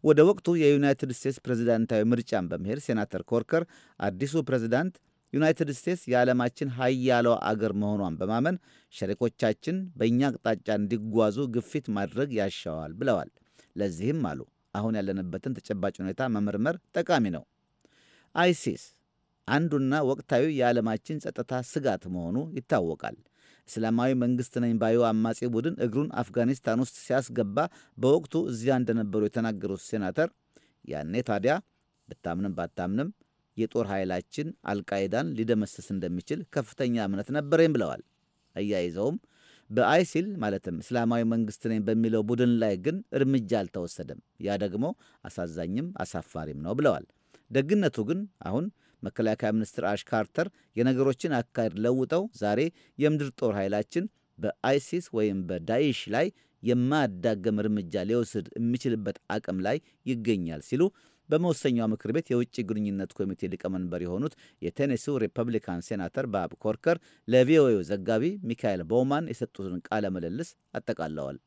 ወደ ወቅቱ የዩናይትድ ስቴትስ ፕሬዝዳንታዊ ምርጫን በመሄድ ሴናተር ኮርከር አዲሱ ፕሬዝዳንት ዩናይትድ ስቴትስ የዓለማችን ሀያለው አገር መሆኗን በማመን ሸሪኮቻችን በእኛ አቅጣጫ እንዲጓዙ ግፊት ማድረግ ያሻዋል ብለዋል። ለዚህም አሉ አሁን ያለንበትን ተጨባጭ ሁኔታ መመርመር ጠቃሚ ነው። አይሲስ አንዱና ወቅታዊ የዓለማችን ጸጥታ ስጋት መሆኑ ይታወቃል። እስላማዊ መንግስት ነኝ ባዩ አማጺ ቡድን እግሩን አፍጋኒስታን ውስጥ ሲያስገባ በወቅቱ እዚያ እንደነበሩ የተናገሩት ሴናተር ያኔ ታዲያ ብታምንም ባታምንም የጦር ኃይላችን አልቃይዳን ሊደመስስ እንደሚችል ከፍተኛ እምነት ነበረኝ ብለዋል። አያይዘውም በአይሲል ማለትም እስላማዊ መንግስት ነኝ በሚለው ቡድን ላይ ግን እርምጃ አልተወሰደም፣ ያ ደግሞ አሳዛኝም አሳፋሪም ነው ብለዋል። ደግነቱ ግን አሁን መከላከያ ሚኒስትር አሽ ካርተር የነገሮችን አካሄድ ለውጠው ዛሬ የምድር ጦር ኃይላችን በአይሲስ ወይም በዳይሽ ላይ የማያዳገም እርምጃ ሊወስድ የሚችልበት አቅም ላይ ይገኛል ሲሉ በመወሰኛው ምክር ቤት የውጭ ግንኙነት ኮሚቴ ሊቀመንበር የሆኑት የቴኔሲው ሪፐብሊካን ሴናተር ባብ ኮርከር ለቪኦኤው ዘጋቢ ሚካኤል ቦውማን የሰጡትን ቃለ ምልልስ አጠቃለዋል።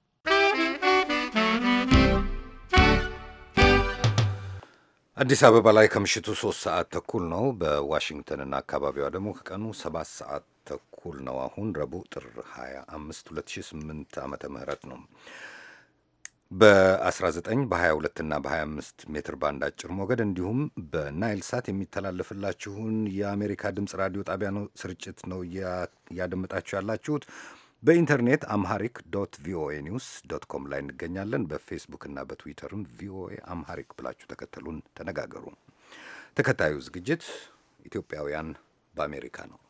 አዲስ አበባ ላይ ከምሽቱ ሶስት ሰዓት ተኩል ነው። በዋሽንግተንና አካባቢዋ ደግሞ ከቀኑ ሰባት ሰዓት ተኩል ነው። አሁን ረቡዕ ጥር 25 2008 ዓመተ ምህረት ነው። በ19 በ22 እና በ25 ሜትር ባንድ አጭር ሞገድ እንዲሁም በናይል ሳት የሚተላለፍላችሁን የአሜሪካ ድምፅ ራዲዮ ጣቢያ ነው ስርጭት ነው እያደመጣችሁ ያላችሁት። በኢንተርኔት አምሃሪክ ዶት ቪኦኤ ኒውስ ዶት ኮም ላይ እንገኛለን። በፌስቡክ እና በትዊተርም ቪኦኤ አምሃሪክ ብላችሁ ተከተሉን፣ ተነጋገሩ። ተከታዩ ዝግጅት ኢትዮጵያውያን በአሜሪካ ነው።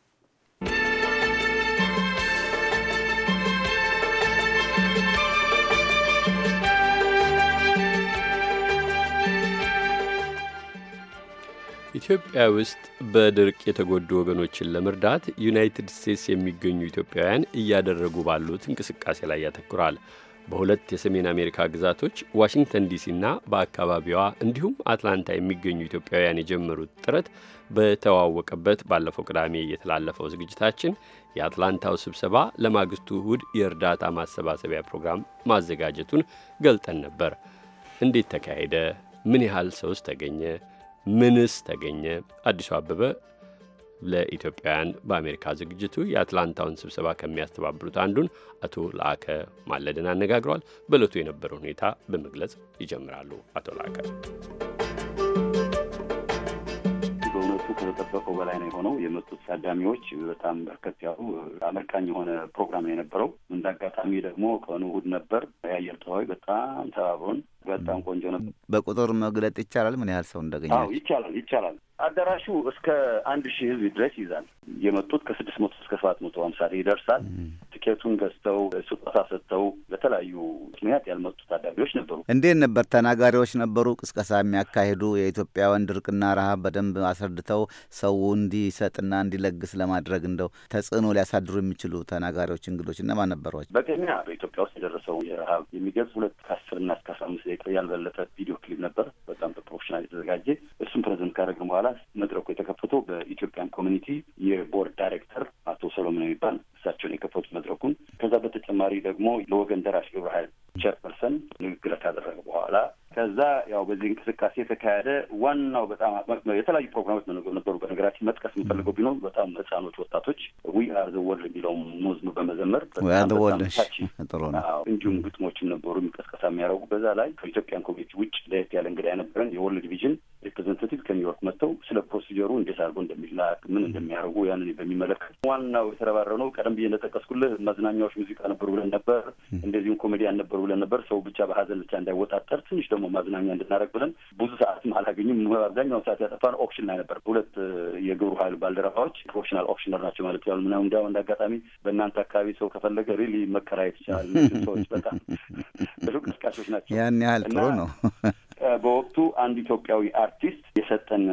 ኢትዮጵያ ውስጥ በድርቅ የተጎዱ ወገኖችን ለመርዳት ዩናይትድ ስቴትስ የሚገኙ ኢትዮጵያውያን እያደረጉ ባሉት እንቅስቃሴ ላይ ያተኩራል። በሁለት የሰሜን አሜሪካ ግዛቶች ዋሽንግተን ዲሲና በአካባቢዋ እንዲሁም አትላንታ የሚገኙ ኢትዮጵያውያን የጀመሩት ጥረት በተዋወቀበት ባለፈው ቅዳሜ የተላለፈው ዝግጅታችን የአትላንታው ስብሰባ ለማግስቱ እሁድ የእርዳታ ማሰባሰቢያ ፕሮግራም ማዘጋጀቱን ገልጠን ነበር። እንዴት ተካሄደ? ምን ያህል ሰውስ ተገኘ? ምንስ ተገኘ? አዲሱ አበበ ለኢትዮጵያውያን በአሜሪካ ዝግጅቱ የአትላንታውን ስብሰባ ከሚያስተባብሩት አንዱን አቶ ላከ ማለደን አነጋግሯል። በእለቱ የነበረው ሁኔታ በመግለጽ ይጀምራሉ አቶ ለአከ እውነቱ ከተጠበቀው በላይ ነው የሆነው። የመጡት ታዳሚዎች በጣም በርከት ያሉ አመርቃኝ የሆነ ፕሮግራም ነው የነበረው። እንደ አጋጣሚ ደግሞ ቀኑ እሑድ ነበር። የአየር ጠባይ በጣም ተባብሮን በጣም ቆንጆ ነበር። በቁጥር መግለጥ ይቻላል ምን ያህል ሰው አዎ ይቻላል ይቻላል። አዳራሹ እስከ አንድ ሺህ ህዝብ ድረስ ይዛል የመጡት ከስድስት መቶ እስከ ሰባት መቶ አምሳ ይደርሳል። ትኬቱን ገዝተው ስጦታ ሰጥተው በተለያዩ ምክንያት ያልመጡ ታዳሚዎች ነበሩ። እንዴት ነበር? ተናጋሪዎች ነበሩ፣ ቅስቀሳ የሚያካሂዱ የኢትዮጵያውያን ድርቅና ረሃብ በደንብ አስረድተው ሰው እንዲሰጥና እንዲለግስ ለማድረግ እንደው ተጽዕኖ ሊያሳድሩ የሚችሉ ተናጋሪዎች እንግዶች እነማን ነበሯቸው? በቅድሚያ በኢትዮጵያ ውስጥ የደረሰው የረሃብ የሚገልጽ ሁለት ከአስርና እስከ አስራ አምስት ደቂቃ ያልበለጠ ቪዲዮ ክሊፕ ነበር፣ በጣም በፕሮፌሽናል የተዘጋጀ። እሱም ፕሬዘንት ካደረግን በኋላ መድረኩ የተከፈተው በኢትዮጵያን ኮሚኒቲ የቦርድ ዳይሬክተር ሰሎሞን የሚባል እሳቸውን የከፈቱ መድረኩን። ከዛ በተጨማሪ ደግሞ ለወገን ደራሽ ግብረ ኃይል ቼርፐርሰን ንግግር ካደረገ በኋላ ከዛ ያው በዚህ እንቅስቃሴ የተካሄደ ዋናው በጣም የተለያዩ ፕሮግራሞች ነበሩ። በነገራችን መጥቀስ የምፈልገው ቢኖር በጣም ህጻኖች፣ ወጣቶች ዊ አር ዘ ወርልድ የሚለው መዝሙር በመዘመር እንዲሁም ግጥሞችም ነበሩ የሚቀስቀሳ የሚያደርጉ በዛ ላይ ከኢትዮጵያን ኮሚኒቲ ውጭ ለየት ያለ እንግዳ የነበረን የወርልድ ዲቪዥን ሪፕሬዘንታቲቭ ከኒውዮርክ መጥተው ስለ ፕሮሲጀሩ እንዴት አድርጎ እንደሚላክ ምን እንደሚያደርጉ ያንን በሚመለከት ዋናው የተረባረው ነው። ቀደም ብዬ እንደጠቀስኩልህ መዝናኛዎች ሙዚቃ ነበሩ ብለን ነበር። እንደዚሁም ኮሜዲያን ነበሩ ብለን ነበር። ሰው ብቻ በሀዘን ብቻ እንዳይወጣጠር ትንሽ ደግሞ ማዝናኛ እንድናደርግ ብለን ብዙ ሰዓትም አላገኝም። አብዛኛውን ሰዓት ያጠፋን ኦፕሽን ላይ ነበር። ሁለት የግብሩ ኃይል ባልደረባዎች ፕሮፌሽናል ኦፕሽነር ናቸው ማለት ይችላሉ። ምናምን እንዲያው እንደ አጋጣሚ በእናንተ አካባቢ ሰው ከፈለገ ሪሊ መከራየት ይችላል። ሰዎች በጣም ብዙ ቀስቃሾች ናቸው። ያን ያህል ጥሩ ነው። በወቅቱ አንድ ኢትዮጵያዊ አርቲስት የሰጠን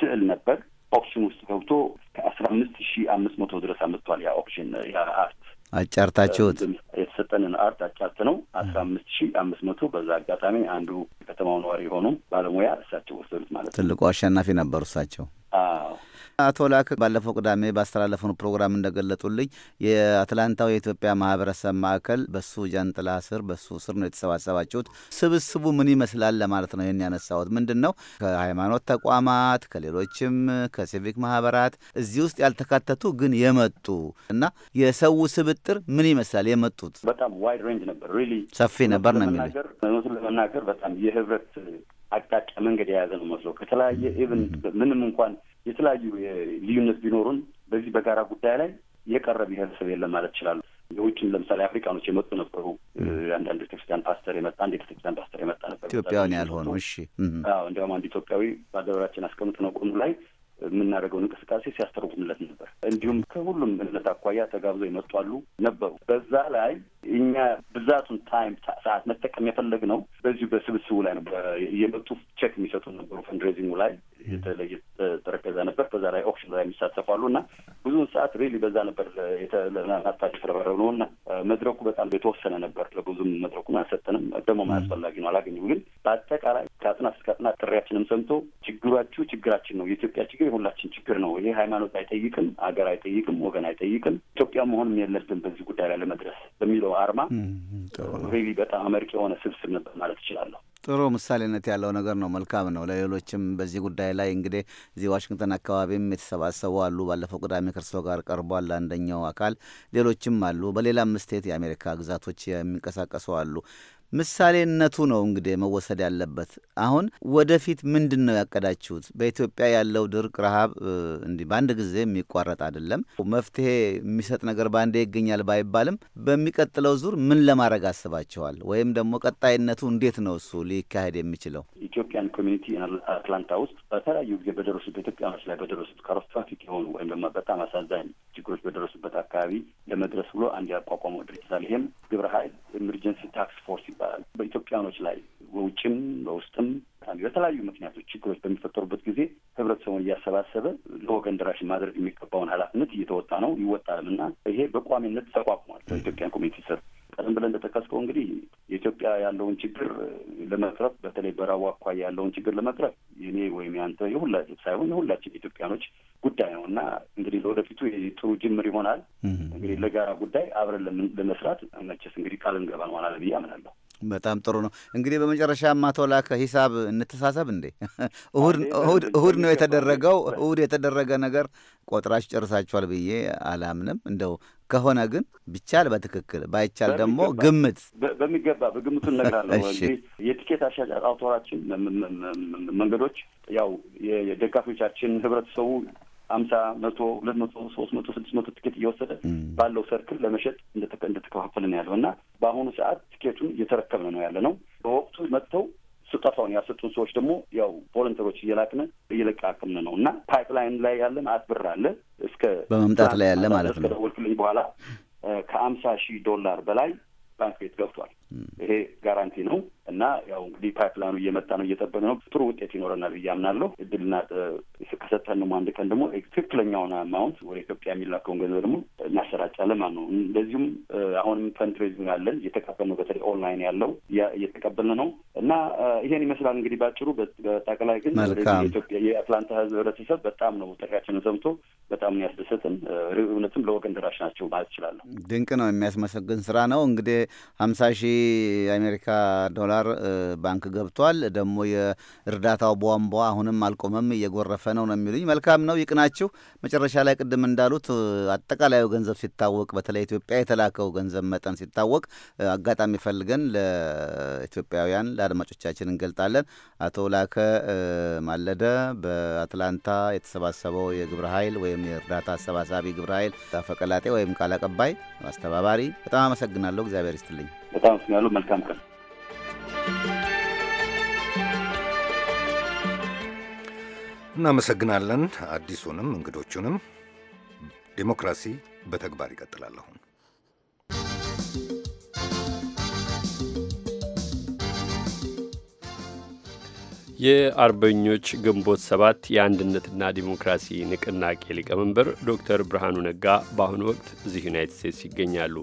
ስዕል ነበር። ኦፕሽን ውስጥ ገብቶ ከአስራ አምስት ሺህ አምስት መቶ ድረስ አመጥቷል። ያ ኦፕሽን ያ አርት አጫርታችሁት የተሰጠንን አርት አጫርት ነው አስራ አምስት ሺህ አምስት መቶ በዛ አጋጣሚ አንዱ ከተማው ነዋሪ የሆኑ ባለሙያ እሳቸው ወሰዱት ማለት ነው። ትልቁ አሸናፊ ነበሩ እሳቸው። አዎ አቶ ላክ ባለፈው ቅዳሜ ባስተላለፈውን ፕሮግራም እንደገለጡልኝ የአትላንታው የኢትዮጵያ ማህበረሰብ ማዕከል በሱ ጃንጥላ ስር በሱ ስር ነው የተሰባሰባችሁት። ስብስቡ ምን ይመስላል ለማለት ነው ይህን ያነሳሁት። ምንድን ነው ከሃይማኖት ተቋማት ከሌሎችም ከሲቪክ ማህበራት እዚህ ውስጥ ያልተካተቱ ግን የመጡ እና የሰው ስብጥር ምን ይመስላል የመጡት በጣም ዋይድ ሬንጅ ነበር። ሰፊ ነበር ነው የሚሉኝ። ለመናገር በጣም የህብረት አቅጣጫ መንገድ የያዘ ነው መስሎ ከተለያየ ኢቭን ምንም እንኳን የተለያዩ ልዩነት ቢኖሩን በዚህ በጋራ ጉዳይ ላይ የቀረ ብሔረሰብ የለም ማለት ይችላሉ። የውጭም ለምሳሌ አፍሪካኖች የመጡ ነበሩ። አንዳንድ ቤተክርስቲያን ፓስተር የመጣ አንድ ቤተክርስቲያን ፓስተር የመጣ ነበር። ኢትዮጵያውያን ያልሆኑ እሺ፣ እንዲያውም አንድ ኢትዮጵያዊ በአደባባያችን አስቀምጥ ነው ጎኑ ላይ የምናደርገውን እንቅስቃሴ ሲያስተርጉምለት ነበር። እንዲሁም ከሁሉም እምነት አኳያ ተጋብዘው ይመጧሉ ነበሩ። በዛ ላይ እኛ ብዛቱን ታይም ሰዓት መጠቀም የፈለግ ነው በዚሁ በስብስቡ ላይ ነው። የመጡ ቼክ የሚሰጡ ነበሩ። ፈንድሬዚንጉ ላይ የተለየ ጠረጴዛ ነበር። በዛ ላይ ኦክሽን ላይ የሚሳተፋሉ እና ብዙውን ሰዓት ሪሊ በዛ ነበር ናታቸው የተረበረብ ነው እና መድረኩ በጣም የተወሰነ ነበር። ለብዙም መድረኩን አልሰጠንም፣ ደግሞ አስፈላጊ ነው አላገኘም። ግን በአጠቃላይ ከአጽናፍ እስከ አጽናፍ ጥሪያችንም ሰምቶ ችግሯችሁ ችግራችን ነው የኢትዮጵያ ችግር የሁላችን ችግር ነው። ይህ ሃይማኖት አይጠይቅም፣ አገር አይጠይቅም፣ ወገን አይጠይቅም። ኢትዮጵያ መሆንም የለብን በዚህ ጉዳይ ላይ ለመድረስ በሚለው አርማ ሪሊ በጣም አመርቂ የሆነ ስብስብ ነበር ማለት እችላለሁ። ጥሩ ምሳሌነት ያለው ነገር ነው። መልካም ነው። ለሌሎችም በዚህ ጉዳይ ላይ እንግዲህ እዚህ ዋሽንግተን አካባቢም የተሰባሰቡ አሉ። ባለፈው ቅዳሜ ከእርሶ ጋር ቀርቧል አንደኛው አካል፣ ሌሎችም አሉ። በሌላም ስቴት የአሜሪካ ግዛቶች የሚንቀሳቀሱ አሉ። ምሳሌነቱ ነው እንግዲህ መወሰድ ያለበት። አሁን ወደፊት ምንድን ነው ያቀዳችሁት? በኢትዮጵያ ያለው ድርቅ፣ ረሃብ እንዲህ በአንድ ጊዜ የሚቋረጥ አይደለም። መፍትሄ የሚሰጥ ነገር በአንዴ ይገኛል ባይባልም በሚቀጥለው ዙር ምን ለማድረግ አስባቸዋል? ወይም ደግሞ ቀጣይነቱ እንዴት ነው እሱ ሊካሄድ የሚችለው? ኢትዮጵያን ኮሚኒቲ አትላንታ ውስጥ በተለያዩ ጊዜ በደረሱት በኢትዮጵያኖች ላይ በደረሱት ካታስትሮፊክ የሆኑ ወይም ደግሞ በጣም አሳዛኝ ችግሮች በደረሱበት አካባቢ ለመድረስ ብሎ አንድ ያቋቋመው ድርጅት አለ። ይህም ግብረ ኃይል ኤመርጀንሲ ታክስ ፎርስ ክርስቲያኖች ላይ በውጭም በውስጥም በተለያዩ ምክንያቶች ችግሮች በሚፈጠሩበት ጊዜ ህብረተሰቡን እያሰባሰበ ለወገን ደራሽ ማድረግ የሚገባውን ኃላፊነት እየተወጣ ነው ይወጣልም እና ይሄ በቋሚነት ተቋቁሟል በኢትዮጵያን ኮሚኒቲ ስር። ቀደም ብለን እንደጠቀስከው እንግዲህ የኢትዮጵያ ያለውን ችግር ለመቅረፍ በተለይ በራቡ አኳያ ያለውን ችግር ለመቅረፍ የኔ ወይም ያንተ የሁላ ሳይሆን የሁላችን ኢትዮጵያኖች ጉዳይ ነው እና እንግዲህ ለወደፊቱ ጥሩ ጅምር ይሆናል። እንግዲህ ለጋራ ጉዳይ አብረን ለመስራት መቼስ እንግዲህ ቃል እንገባ ሆናል ብዬ አምናለሁ። በጣም ጥሩ ነው። እንግዲህ በመጨረሻ አቶ ላከ ሂሳብ እንተሳሰብ እንዴ እሁድ ነው የተደረገው። እሁድ የተደረገ ነገር ቆጥራችሁ ጨርሳችኋል ብዬ አላምንም። እንደው ከሆነ ግን ቢቻል በትክክል ባይቻል ደግሞ ግምት በሚገባ በግምቱ እነግርሃለሁ። የቲኬት አሻጭ አውቶራችን መንገዶች ያው የደጋፊዎቻችን ህብረተሰቡ አምሳ መቶ ሁለት መቶ ሶስት መቶ ስድስት መቶ ትኬት እየወሰደ ባለው ሰርክል ለመሸጥ እንደተከፋፈለ ነው ያለው እና በአሁኑ ሰዓት ትኬቱን እየተረከብን ነው ያለ ነው። በወቅቱ መጥተው ስጦታውን ያሰጡን ሰዎች ደግሞ ያው ቮለንተሮች እየላክን እየለቃቅምን ነው እና ፓይፕላይን ላይ ያለን አስብር አለ እስከ በመምጣት ላይ ያለ ማለት ነው። እስከ ደወልክልኝ በኋላ ከአምሳ ሺህ ዶላር በላይ ባንክ ቤት ገብቷል። ይሄ ጋራንቲ ነው እና ያው እንግዲህ ፓይፕላኑ እየመጣ ነው፣ እየጠበነ ነው። ጥሩ ውጤት ይኖረናል ብዬ አምናለሁ። እድልና ከሰጠን ደግሞ አንድ ቀን ደግሞ ትክክለኛውን አማውንት ወደ ኢትዮጵያ የሚላከውን ገንዘብ ደግሞ እናሰራጫለን ማለት ነው። እንደዚሁም አሁንም ያለን እየተቀበል ነው። በተለይ ኦንላይን ያለው እየተቀበልን ነው እና ይሄን ይመስላል እንግዲህ በአጭሩ። በጠቅላይ ግን ኢትዮጵያ የአትላንታ ህዝብ ህብረተሰብ በጣም ነው ጥሪያችንን ሰምቶ በጣም ነው ያስደሰትን። እውነትም ለወገን ደራሽ ናቸው ማለት ይችላለሁ። ድንቅ ነው፣ የሚያስመሰግን ስራ ነው። እንግዲህ ሀምሳ ሺህ የአሜሪካ ዶላር ባንክ ገብቷል። ደግሞ የእርዳታው ቧንቧ አሁንም አልቆመም፣ እየጎረፈ ነው ነው የሚሉኝ። መልካም ነው ይቅናችሁ። መጨረሻ ላይ ቅድም እንዳሉት አጠቃላዩ ገንዘብ ሲታወቅ፣ በተለይ ኢትዮጵያ የተላከው ገንዘብ መጠን ሲታወቅ፣ አጋጣሚ ፈልገን ለኢትዮጵያውያን ለአድማጮቻችን እንገልጣለን። አቶ ላከ ማለደ በአትላንታ የተሰባሰበው የግብረ ኃይል ወይም የእርዳታ አሰባሳቢ ግብረ ኃይል አፈቀላጤ ወይም ቃል አቀባይ አስተባባሪ፣ በጣም አመሰግናለሁ። እግዚአብሔር ይስጥልኝ። በጣም ስሚያሉ መልካም ቀን። እናመሰግናለን አዲሱንም እንግዶቹንም። ዴሞክራሲ በተግባር ይቀጥላለሁ። የአርበኞች ግንቦት ሰባት የአንድነትና ዲሞክራሲ ንቅናቄ ሊቀመንበር ዶክተር ብርሃኑ ነጋ በአሁኑ ወቅት እዚህ ዩናይትድ ስቴትስ ይገኛሉ።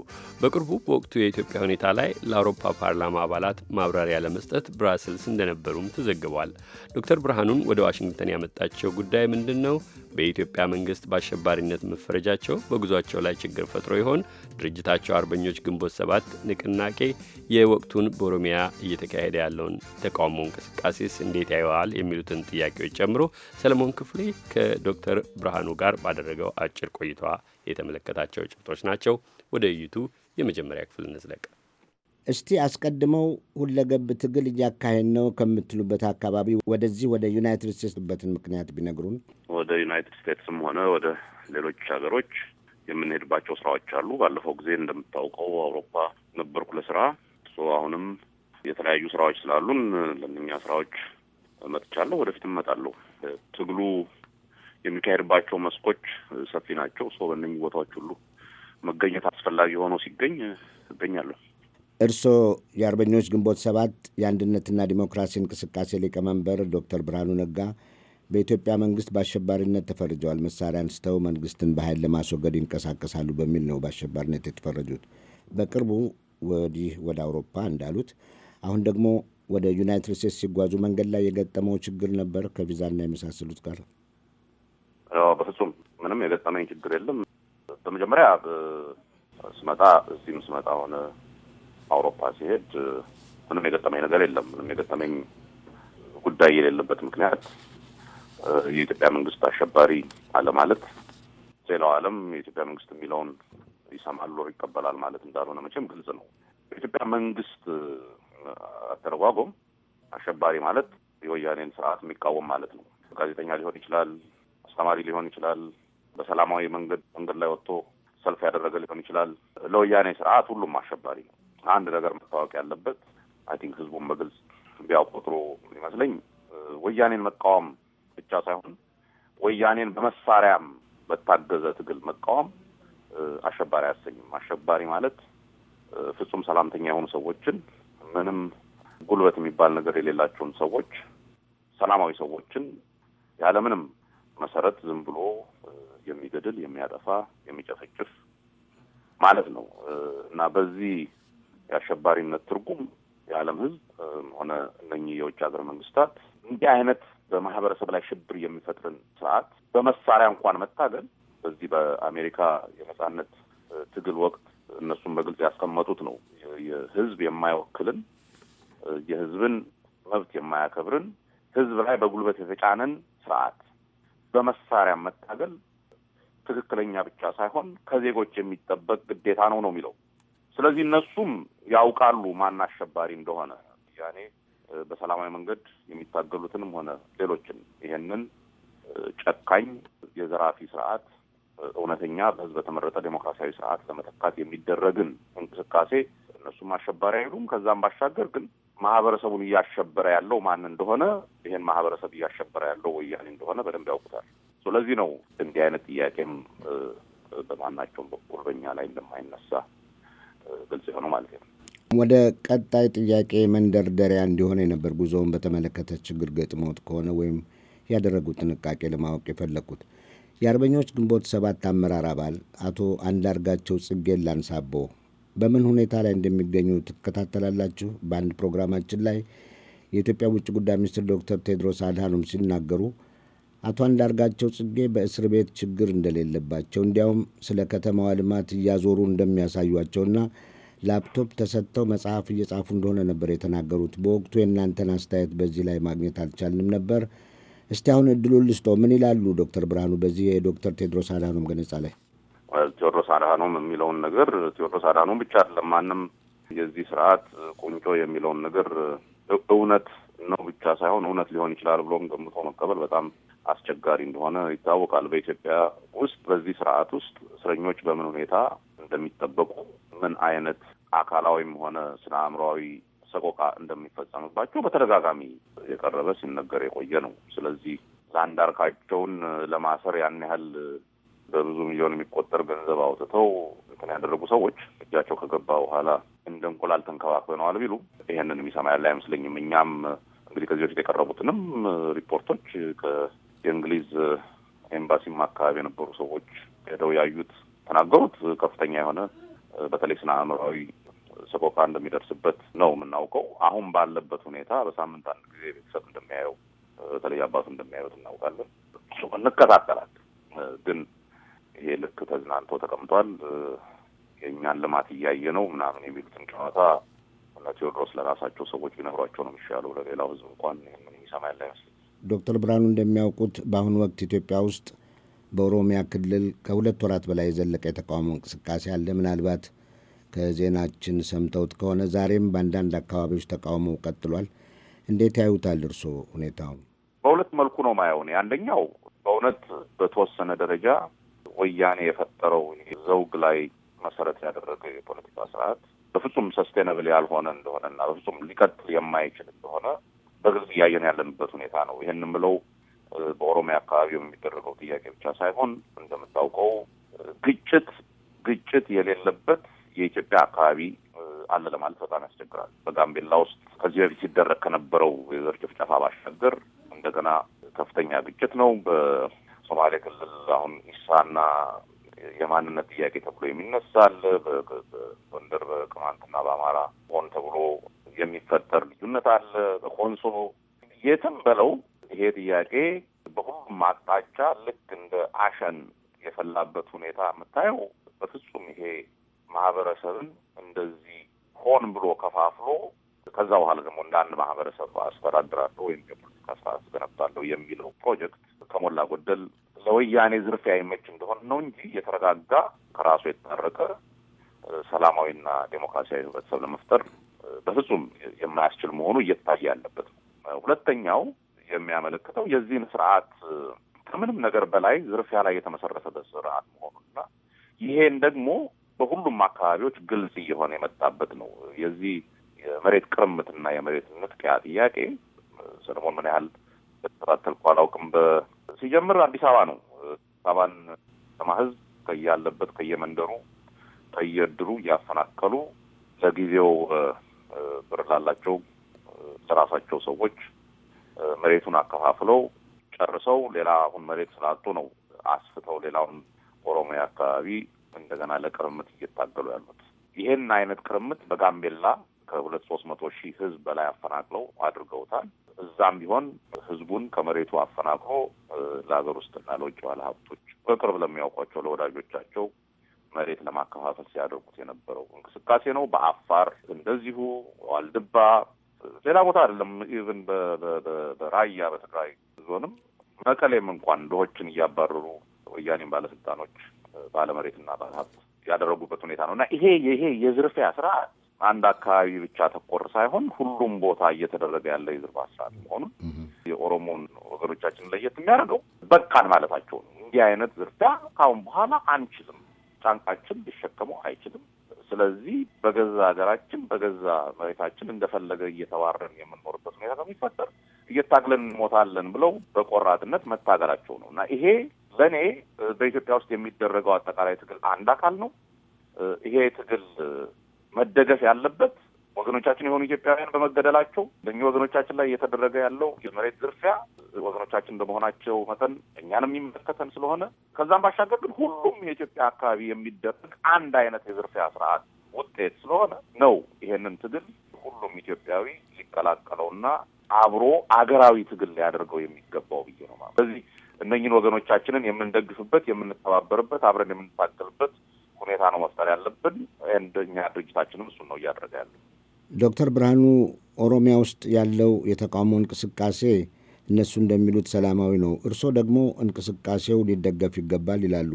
በቅርቡ በወቅቱ የኢትዮጵያ ሁኔታ ላይ ለአውሮፓ ፓርላማ አባላት ማብራሪያ ለመስጠት ብራስልስ እንደነበሩም ተዘግቧል። ዶክተር ብርሃኑን ወደ ዋሽንግተን ያመጣቸው ጉዳይ ምንድን ነው? በኢትዮጵያ መንግስት በአሸባሪነት መፈረጃቸው በጉዟቸው ላይ ችግር ፈጥሮ ይሆን? ድርጅታቸው አርበኞች ግንቦት ሰባት ንቅናቄ የወቅቱን በኦሮሚያ እየተካሄደ ያለውን ተቃውሞ እንቅስቃሴስ እንዴት እንዴት ያየዋል የሚሉትን ጥያቄዎች ጨምሮ ሰለሞን ክፍሌ ከዶክተር ብርሃኑ ጋር ባደረገው አጭር ቆይታ የተመለከታቸው ጭብጦች ናቸው። ወደ እይቱ የመጀመሪያ ክፍል እንዝለቅ። እስቲ አስቀድመው ሁለገብ ትግል እያካሄድ ነው ከምትሉበት አካባቢ ወደዚህ ወደ ዩናይትድ ስቴትስ በትን ምክንያት ቢነግሩን። ወደ ዩናይትድ ስቴትስም ሆነ ወደ ሌሎች ሀገሮች የምንሄድባቸው ስራዎች አሉ። ባለፈው ጊዜ እንደምታውቀው አውሮፓ ነበርኩ ለስራ። አሁንም የተለያዩ ስራዎች ስላሉን ለእነኛ ስራዎች መጥቻለሁ። ወደፊት እመጣለሁ። ትግሉ የሚካሄድባቸው መስኮች ሰፊ ናቸው። ሰው በእነኝህ ቦታዎች ሁሉ መገኘት አስፈላጊ ሆኖ ሲገኝ እገኛለሁ። እርስዎ የአርበኞች ግንቦት ሰባት የአንድነትና ዲሞክራሲ እንቅስቃሴ ሊቀመንበር ዶክተር ብርሃኑ ነጋ በኢትዮጵያ መንግስት በአሸባሪነት ተፈርጀዋል። መሳሪያ አንስተው መንግስትን በኃይል ለማስወገድ ይንቀሳቀሳሉ በሚል ነው በአሸባሪነት የተፈረጁት። በቅርቡ ወዲህ ወደ አውሮፓ እንዳሉት አሁን ደግሞ ወደ ዩናይትድ ስቴትስ ሲጓዙ መንገድ ላይ የገጠመው ችግር ነበር ከቪዛና የመሳሰሉት ጋር? በፍጹም ምንም የገጠመኝ ችግር የለም። በመጀመሪያ ስመጣ እዚህም ስመጣ ሆነ አውሮፓ ሲሄድ ምንም የገጠመኝ ነገር የለም። ምንም የገጠመኝ ጉዳይ የሌለበት ምክንያት የኢትዮጵያ መንግስት አሸባሪ አለ ማለት ሌላው ዓለም የኢትዮጵያ መንግስት የሚለውን ይሰማል ይቀበላል ማለት እንዳልሆነ መቼም ግልጽ ነው። የኢትዮጵያ መንግስት አተረጓጎም አሸባሪ ማለት የወያኔን ስርዓት የሚቃወም ማለት ነው። ጋዜጠኛ ሊሆን ይችላል፣ አስተማሪ ሊሆን ይችላል፣ በሰላማዊ መንገድ መንገድ ላይ ወጥቶ ሰልፍ ያደረገ ሊሆን ይችላል። ለወያኔ ስርዓት ሁሉም አሸባሪ ነው። አንድ ነገር መታወቅ ያለበት አይ ቲንክ ህዝቡን በግልጽ ቢያቆጥሮ ይመስለኝ ወያኔን መቃወም ብቻ ሳይሆን ወያኔን በመሳሪያም በታገዘ ትግል መቃወም አሸባሪ አያሰኝም። አሸባሪ ማለት ፍጹም ሰላምተኛ የሆኑ ሰዎችን ምንም ጉልበት የሚባል ነገር የሌላቸውን ሰዎች ሰላማዊ ሰዎችን ያለምንም መሰረት ዝም ብሎ የሚገድል፣ የሚያጠፋ፣ የሚጨፈጭፍ ማለት ነው እና በዚህ የአሸባሪነት ትርጉም የዓለም ሕዝብ ሆነ እነኚህ የውጭ ሀገር መንግስታት እንዲህ አይነት በማህበረሰብ ላይ ሽብር የሚፈጥርን ስርዓት በመሳሪያ እንኳን መታገል በዚህ በአሜሪካ የነጻነት ትግል ወቅት እነሱም በግልጽ ያስቀመጡት ነው። ህዝብ የማይወክልን የህዝብን መብት የማያከብርን ህዝብ ላይ በጉልበት የተጫነን ስርዓት በመሳሪያ መታገል ትክክለኛ ብቻ ሳይሆን ከዜጎች የሚጠበቅ ግዴታ ነው ነው የሚለው። ስለዚህ እነሱም ያውቃሉ ማን አሸባሪ እንደሆነ። ያኔ በሰላማዊ መንገድ የሚታገሉትንም ሆነ ሌሎችን ይሄንን ጨካኝ የዘራፊ ስርዓት እውነተኛ በህዝብ በተመረጠ ዴሞክራሲያዊ ስርዓት ለመተካት የሚደረግን እንቅስቃሴ እነሱም አሸባሪ አይሉም። ከዛም ባሻገር ግን ማህበረሰቡን እያሸበረ ያለው ማን እንደሆነ ይሄን ማህበረሰብ እያሸበረ ያለው ወያኔ እንደሆነ በደንብ ያውቁታል። ስለዚህ ነው እንዲህ አይነት ጥያቄም በማናቸውም በኩል በኛ ላይ እንደማይነሳ ግልጽ የሆነው ማለት ነው። ወደ ቀጣይ ጥያቄ መንደርደሪያ እንዲሆን የነበር ጉዞውን በተመለከተ ችግር ገጥሞት ከሆነ ወይም ያደረጉት ጥንቃቄ ለማወቅ የፈለግኩት የአርበኞች ግንቦት ሰባት አመራር አባል አቶ አንዳርጋቸው ጽጌን ላንሳቦ በምን ሁኔታ ላይ እንደሚገኙ ትከታተላላችሁ። በአንድ ፕሮግራማችን ላይ የኢትዮጵያ ውጭ ጉዳይ ሚኒስትር ዶክተር ቴድሮስ አድሃኖም ሲናገሩ አቶ አንዳርጋቸው ጽጌ በእስር ቤት ችግር እንደሌለባቸው እንዲያውም ስለ ከተማዋ ልማት እያዞሩ እንደሚያሳዩቸውና ላፕቶፕ ተሰጥተው መጽሐፍ እየጻፉ እንደሆነ ነበር የተናገሩት። በወቅቱ የእናንተን አስተያየት በዚህ ላይ ማግኘት አልቻልንም ነበር። እስቲ አሁን እድሉን ልስጦ ምን ይላሉ ዶክተር ብርሃኑ በዚህ የዶክተር ቴድሮስ አድሃኖም ገለጻ ላይ? ቴዎድሮስ አድሃኖም የሚለውን ነገር ቴዎድሮስ አድሃኖም ብቻ አይደለም ማንም የዚህ ስርዓት ቁንጮ የሚለውን ነገር እውነት ነው ብቻ ሳይሆን እውነት ሊሆን ይችላል ብሎም ገምቶ መቀበል በጣም አስቸጋሪ እንደሆነ ይታወቃል። በኢትዮጵያ ውስጥ በዚህ ስርዓት ውስጥ እስረኞች በምን ሁኔታ እንደሚጠበቁ ምን አይነት አካላዊም ሆነ ስነ አእምሯዊ ሰቆቃ እንደሚፈጸምባቸው በተደጋጋሚ የቀረበ ሲነገር የቆየ ነው። ስለዚህ ዛንዳርካቸውን ለማሰር ያን ያህል በብዙ ሚሊዮን የሚቆጠር ገንዘብ አውጥተው እንትን ያደረጉ ሰዎች እጃቸው ከገባ በኋላ እንደ እንቁላል ተንከባክበነዋል ቢሉ ይሄንን የሚሰማ ያለ አይመስለኝም። እኛም እንግዲህ ከዚህ በፊት የቀረቡትንም ሪፖርቶች የእንግሊዝ ኤምባሲም አካባቢ የነበሩ ሰዎች ሄደው ያዩት ተናገሩት። ከፍተኛ የሆነ በተለይ ስነ አእምራዊ ሰቆቃ እንደሚደርስበት ነው የምናውቀው። አሁን ባለበት ሁኔታ በሳምንት አንድ ጊዜ ቤተሰብ እንደሚያየው በተለይ አባቱ እንደሚያዩት እናውቃለን። እንከታተላል። ግን ይሄ ልክ ተዝናንቶ ተቀምጧል፣ የእኛን ልማት እያየ ነው ምናምን የሚሉትን ጨዋታ እና ቴዎድሮስ ለራሳቸው ሰዎች ቢነግሯቸው ነው የሚሻለው። ለሌላው ህዝብ እንኳን ምን የሚሰማ ያለ አይመስልም። ዶክተር ብርሃኑ እንደሚያውቁት በአሁኑ ወቅት ኢትዮጵያ ውስጥ በኦሮሚያ ክልል ከሁለት ወራት በላይ የዘለቀ የተቃውሞ እንቅስቃሴ አለ። ምናልባት ከዜናችን ሰምተውት ከሆነ ዛሬም በአንዳንድ አካባቢዎች ተቃውሞ ቀጥሏል። እንዴት ያዩታል እርስዎ ሁኔታውን? በሁለት መልኩ ነው ማየው እኔ። አንደኛው በእውነት በተወሰነ ደረጃ ወያኔ የፈጠረው ዘውግ ላይ መሰረት ያደረገ የፖለቲካ ስርዓት በፍጹም ሰስቴነብል ያልሆነ እንደሆነና በፍጹም ሊቀጥል የማይችል እንደሆነ በግልጽ እያየን ያለንበት ሁኔታ ነው። ይህን ምለው በኦሮሚያ አካባቢ የሚደረገው ጥያቄ ብቻ ሳይሆን እንደምታውቀው ግጭት ግጭት የሌለበት የኢትዮጵያ አካባቢ አለ ለማለት በጣም ያስቸግራል። በጋምቤላ ውስጥ ከዚህ በፊት ሲደረግ ከነበረው የዘር ጭፍጨፋ ባሻገር እንደገና ከፍተኛ ግጭት ነው። በሶማሌ ክልል አሁን ኢሳና የማንነት ጥያቄ ተብሎ የሚነሳል። በጎንደር በቅማንትና በአማራ ሆን ተብሎ የሚፈጠር ልዩነት አለ። በኮንሶ የትም በለው ይሄ ጥያቄ በሁሉም አቅጣጫ ልክ እንደ አሸን የፈላበት ሁኔታ የምታየው በፍጹም ይሄ ማህበረሰብን እንደዚህ ሆን ብሎ ከፋፍሎ ከዛ በኋላ ደግሞ እንደ አንድ ማህበረሰብ አስተዳድራለሁ ወይም የፖለቲካ ስርዓት ገነባለሁ የሚለው ፕሮጀክት ከሞላ ጎደል ለወያኔ ዝርፊያ አይመች እንደሆነ ነው እንጂ የተረጋጋ ከራሱ የተታረቀ ሰላማዊና ዴሞክራሲያዊ ህብረተሰብ ለመፍጠር በፍጹም የማያስችል መሆኑ እየታየ ያለበት ነው። ሁለተኛው የሚያመለክተው የዚህን ስርዓት ከምንም ነገር በላይ ዝርፊያ ላይ የተመሰረተበት ስርዓት መሆኑና ይሄን ደግሞ በሁሉም አካባቢዎች ግልጽ እየሆነ የመጣበት ነው። የዚህ የመሬት ቅርምትና የመሬት ንጥቂያ ጥያቄ ሰለሞን ምን ያህል ተከታተልኩ አላውቅም። ሲጀምር አዲስ አበባ ነው። አዲስ አበባን ከተማ ህዝብ ከያለበት ከየመንደሩ ከየድሩ እያፈናቀሉ ለጊዜው ብር ላላቸው ለራሳቸው ሰዎች መሬቱን አከፋፍለው ጨርሰው ሌላ አሁን መሬት ስላጡ ነው አስፍተው ሌላውን ኦሮሚያ አካባቢ እንደገና ለቅርምት እየታገሉ ያሉት። ይህን አይነት ቅርምት በጋምቤላ ከሁለት ሶስት መቶ ሺህ ህዝብ በላይ አፈናቅለው አድርገውታል። እዛም ቢሆን ህዝቡን ከመሬቱ አፈናቅሎ ለሀገር ውስጥና ለውጭ ባለ ሀብቶች በቅርብ ለሚያውቋቸው ለወዳጆቻቸው መሬት ለማከፋፈል ሲያደርጉት የነበረው እንቅስቃሴ ነው። በአፋር እንደዚሁ ዋልድባ፣ ሌላ ቦታ አይደለም። ኢቭን በራያ በትግራይ ዞንም መቀሌም እንኳን ድሆችን እያባረሩ ወያኔም ባለስልጣኖች ባለመሬትና ባለሀብት ያደረጉበት ሁኔታ ነው እና ይሄ ይሄ የዝርፊያ ስራ አንድ አካባቢ ብቻ ተቆር ሳይሆን ሁሉም ቦታ እየተደረገ ያለ የዝርፊያ ስራ መሆኑን የኦሮሞን ወገኖቻችን ለየት የሚያደርገው በቃን ማለታቸው ነው። እንዲህ አይነት ዝርፊያ ካሁን በኋላ አንችልም፣ ጫንቃችን ሊሸከመው አይችልም። ስለዚህ በገዛ ሀገራችን በገዛ መሬታችን እንደፈለገ እየተባረን የምንኖርበት ሁኔታ ከሚፈጠር እየታግለን እንሞታለን ብለው በቆራጥነት መታገራቸው ነው እና ይሄ በእኔ በኢትዮጵያ ውስጥ የሚደረገው አጠቃላይ ትግል አንድ አካል ነው። ይሄ ትግል መደገፍ ያለበት ወገኖቻችን የሆኑ ኢትዮጵያውያን በመገደላቸው በእኚህ ወገኖቻችን ላይ እየተደረገ ያለው የመሬት ዝርፊያ ወገኖቻችን በመሆናቸው መጠን እኛንም የሚመለከተን ስለሆነ ከዛም ባሻገር ግን ሁሉም የኢትዮጵያ አካባቢ የሚደረግ አንድ አይነት የዝርፊያ ስርዓት ውጤት ስለሆነ ነው ይሄንን ትግል ሁሉም ኢትዮጵያዊ ሊቀላቀለውና አብሮ አገራዊ ትግል ሊያደርገው የሚገባው ብዬ ነው ማለት እነኝን ወገኖቻችንን የምንደግፍበት፣ የምንተባበርበት፣ አብረን የምንታገልበት ሁኔታ ነው መፍጠር ያለብን። እንደኛ ድርጅታችንም እሱን ነው እያደረገ ያለ። ዶክተር ብርሃኑ ኦሮሚያ ውስጥ ያለው የተቃውሞ እንቅስቃሴ እነሱ እንደሚሉት ሰላማዊ ነው፣ እርሶ ደግሞ እንቅስቃሴው ሊደገፍ ይገባል ይላሉ።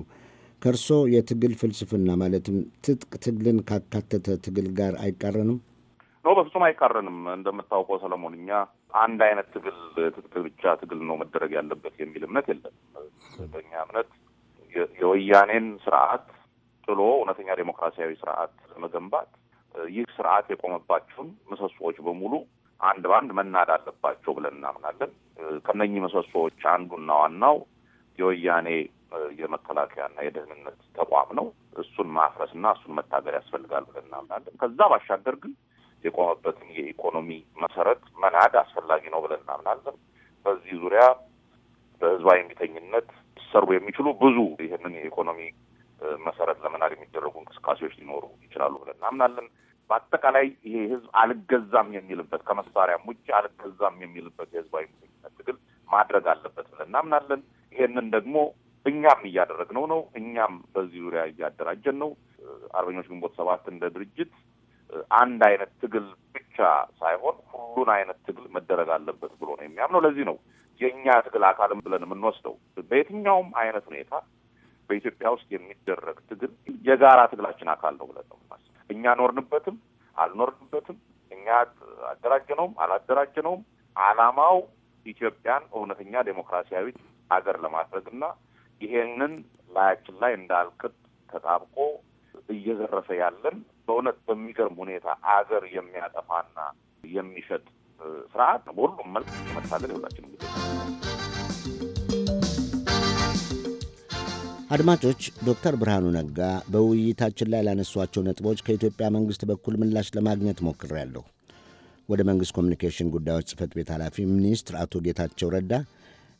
ከእርሶ የትግል ፍልስፍና ማለትም ትጥቅ ትግልን ካካተተ ትግል ጋር አይቃረንም? ኖ በፍጹም አይቃረንም። እንደምታውቀው ሰለሞን፣ እኛ አንድ አይነት ትግል ትክክል ብቻ ትግል ነው መደረግ ያለበት የሚል እምነት የለም። በእኛ እምነት የወያኔን ስርዓት ጥሎ እውነተኛ ዴሞክራሲያዊ ስርዓት መገንባት ይህ ስርዓት የቆመባቸውን ምሰሶዎች በሙሉ አንድ በአንድ መናድ አለባቸው ብለን እናምናለን። ከነኚህ ምሰሶዎች አንዱና ዋናው የወያኔ የመከላከያና የደህንነት ተቋም ነው። እሱን ማፍረስና እሱን መታገር ያስፈልጋል ብለን እናምናለን። ከዛ ባሻገር ግን የቆመበትን የኢኮኖሚ መሰረት መናድ አስፈላጊ ነው ብለን እናምናለን። በዚህ ዙሪያ በህዝባዊ እምቢተኝነት ሊሰሩ የሚችሉ ብዙ ይህንን የኢኮኖሚ መሰረት ለመናድ የሚደረጉ እንቅስቃሴዎች ሊኖሩ ይችላሉ ብለን እናምናለን። በአጠቃላይ ይሄ ህዝብ አልገዛም የሚልበት ከመሳሪያም ውጭ አልገዛም የሚልበት የህዝባዊ እምቢተኝነት ትግል ማድረግ አለበት ብለን እናምናለን። ይሄንን ደግሞ እኛም እያደረግነው ነው። እኛም በዚህ ዙሪያ እያደራጀን ነው። አርበኞች ግንቦት ሰባት እንደ ድርጅት አንድ አይነት ትግል ብቻ ሳይሆን ሁሉን አይነት ትግል መደረግ አለበት ብሎ ነው የሚያምነው። ለዚህ ነው የእኛ ትግል አካልም ብለን የምንወስደው በየትኛውም አይነት ሁኔታ በኢትዮጵያ ውስጥ የሚደረግ ትግል የጋራ ትግላችን አካል ነው ብለን ነው የምናስበው። እኛ ኖርንበትም አልኖርንበትም፣ እኛ አደራጀነውም አላደራጀነውም፣ አላማው ኢትዮጵያን እውነተኛ ዴሞክራሲያዊ ለማድረግ ለማድረግና ይሄንን ላያችን ላይ እንዳልቅጥ ተጣብቆ እየዘረፈ ያለን በእውነት በሚገርም ሁኔታ አገር የሚያጠፋና የሚሸጥ ስርዓት ነው። በሁሉም መልክ መታገል የሁላችን እንግዲህ አድማጮች፣ ዶክተር ብርሃኑ ነጋ በውይይታችን ላይ ላነሷቸው ነጥቦች ከኢትዮጵያ መንግሥት በኩል ምላሽ ለማግኘት ሞክሬያለሁ። ወደ መንግሥት ኮሚኒኬሽን ጉዳዮች ጽህፈት ቤት ኃላፊ ሚኒስትር አቶ ጌታቸው ረዳ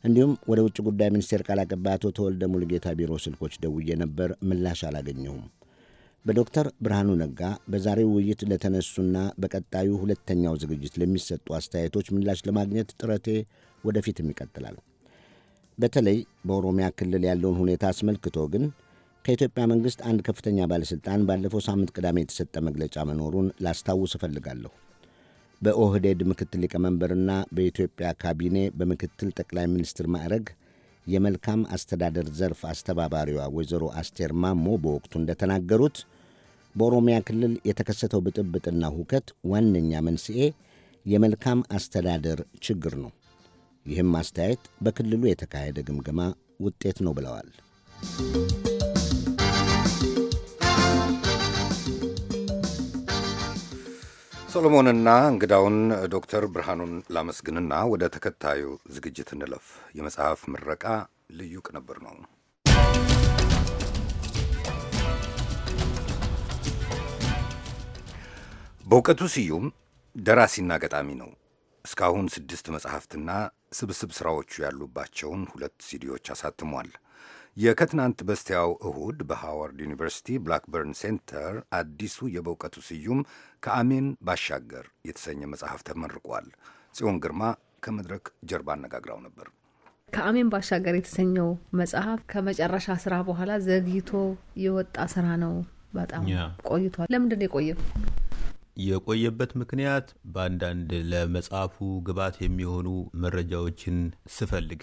እንዲሁም ወደ ውጭ ጉዳይ ሚኒስቴር ቃል አቀባይ አቶ ተወልደ ሙሉጌታ ቢሮ ስልኮች ደውዬ ነበር። ምላሽ አላገኘሁም። በዶክተር ብርሃኑ ነጋ በዛሬው ውይይት ለተነሱና በቀጣዩ ሁለተኛው ዝግጅት ለሚሰጡ አስተያየቶች ምላሽ ለማግኘት ጥረቴ ወደፊትም ይቀጥላል። በተለይ በኦሮሚያ ክልል ያለውን ሁኔታ አስመልክቶ ግን ከኢትዮጵያ መንግሥት አንድ ከፍተኛ ባለሥልጣን ባለፈው ሳምንት ቅዳሜ የተሰጠ መግለጫ መኖሩን ላስታውስ እፈልጋለሁ። በኦህዴድ ምክትል ሊቀመንበርና በኢትዮጵያ ካቢኔ በምክትል ጠቅላይ ሚኒስትር ማዕረግ የመልካም አስተዳደር ዘርፍ አስተባባሪዋ ወይዘሮ አስቴር ማሞ በወቅቱ እንደተናገሩት በኦሮሚያ ክልል የተከሰተው ብጥብጥና ሁከት ዋነኛ መንስኤ የመልካም አስተዳደር ችግር ነው። ይህም አስተያየት በክልሉ የተካሄደ ግምገማ ውጤት ነው ብለዋል። ሰሎሞንና እንግዳውን ዶክተር ብርሃኑን ላመስግንና ወደ ተከታዩ ዝግጅት እንለፍ። የመጽሐፍ ምረቃ ልዩ ቅንብር ነው። በእውቀቱ ስዩም ደራሲና ገጣሚ ነው። እስካሁን ስድስት መጽሐፍትና ስብስብ ሥራዎቹ ያሉባቸውን ሁለት ሲዲዎች አሳትሟል። የከትናንት በስቲያው እሁድ በሃዋርድ ዩኒቨርሲቲ ብላክበርን ሴንተር አዲሱ የበእውቀቱ ስዩም ከአሜን ባሻገር የተሰኘ መጽሐፍ ተመርቋል። ጽዮን ግርማ ከመድረክ ጀርባ አነጋግራው ነበር። ከአሜን ባሻገር የተሰኘው መጽሐፍ ከመጨረሻ ስራ በኋላ ዘግይቶ የወጣ ስራ ነው። በጣም ቆይቷል። ለምንድን ነው የቆየው? የቆየበት ምክንያት በአንዳንድ ለመጽሐፉ ግብዓት የሚሆኑ መረጃዎችን ስፈልግ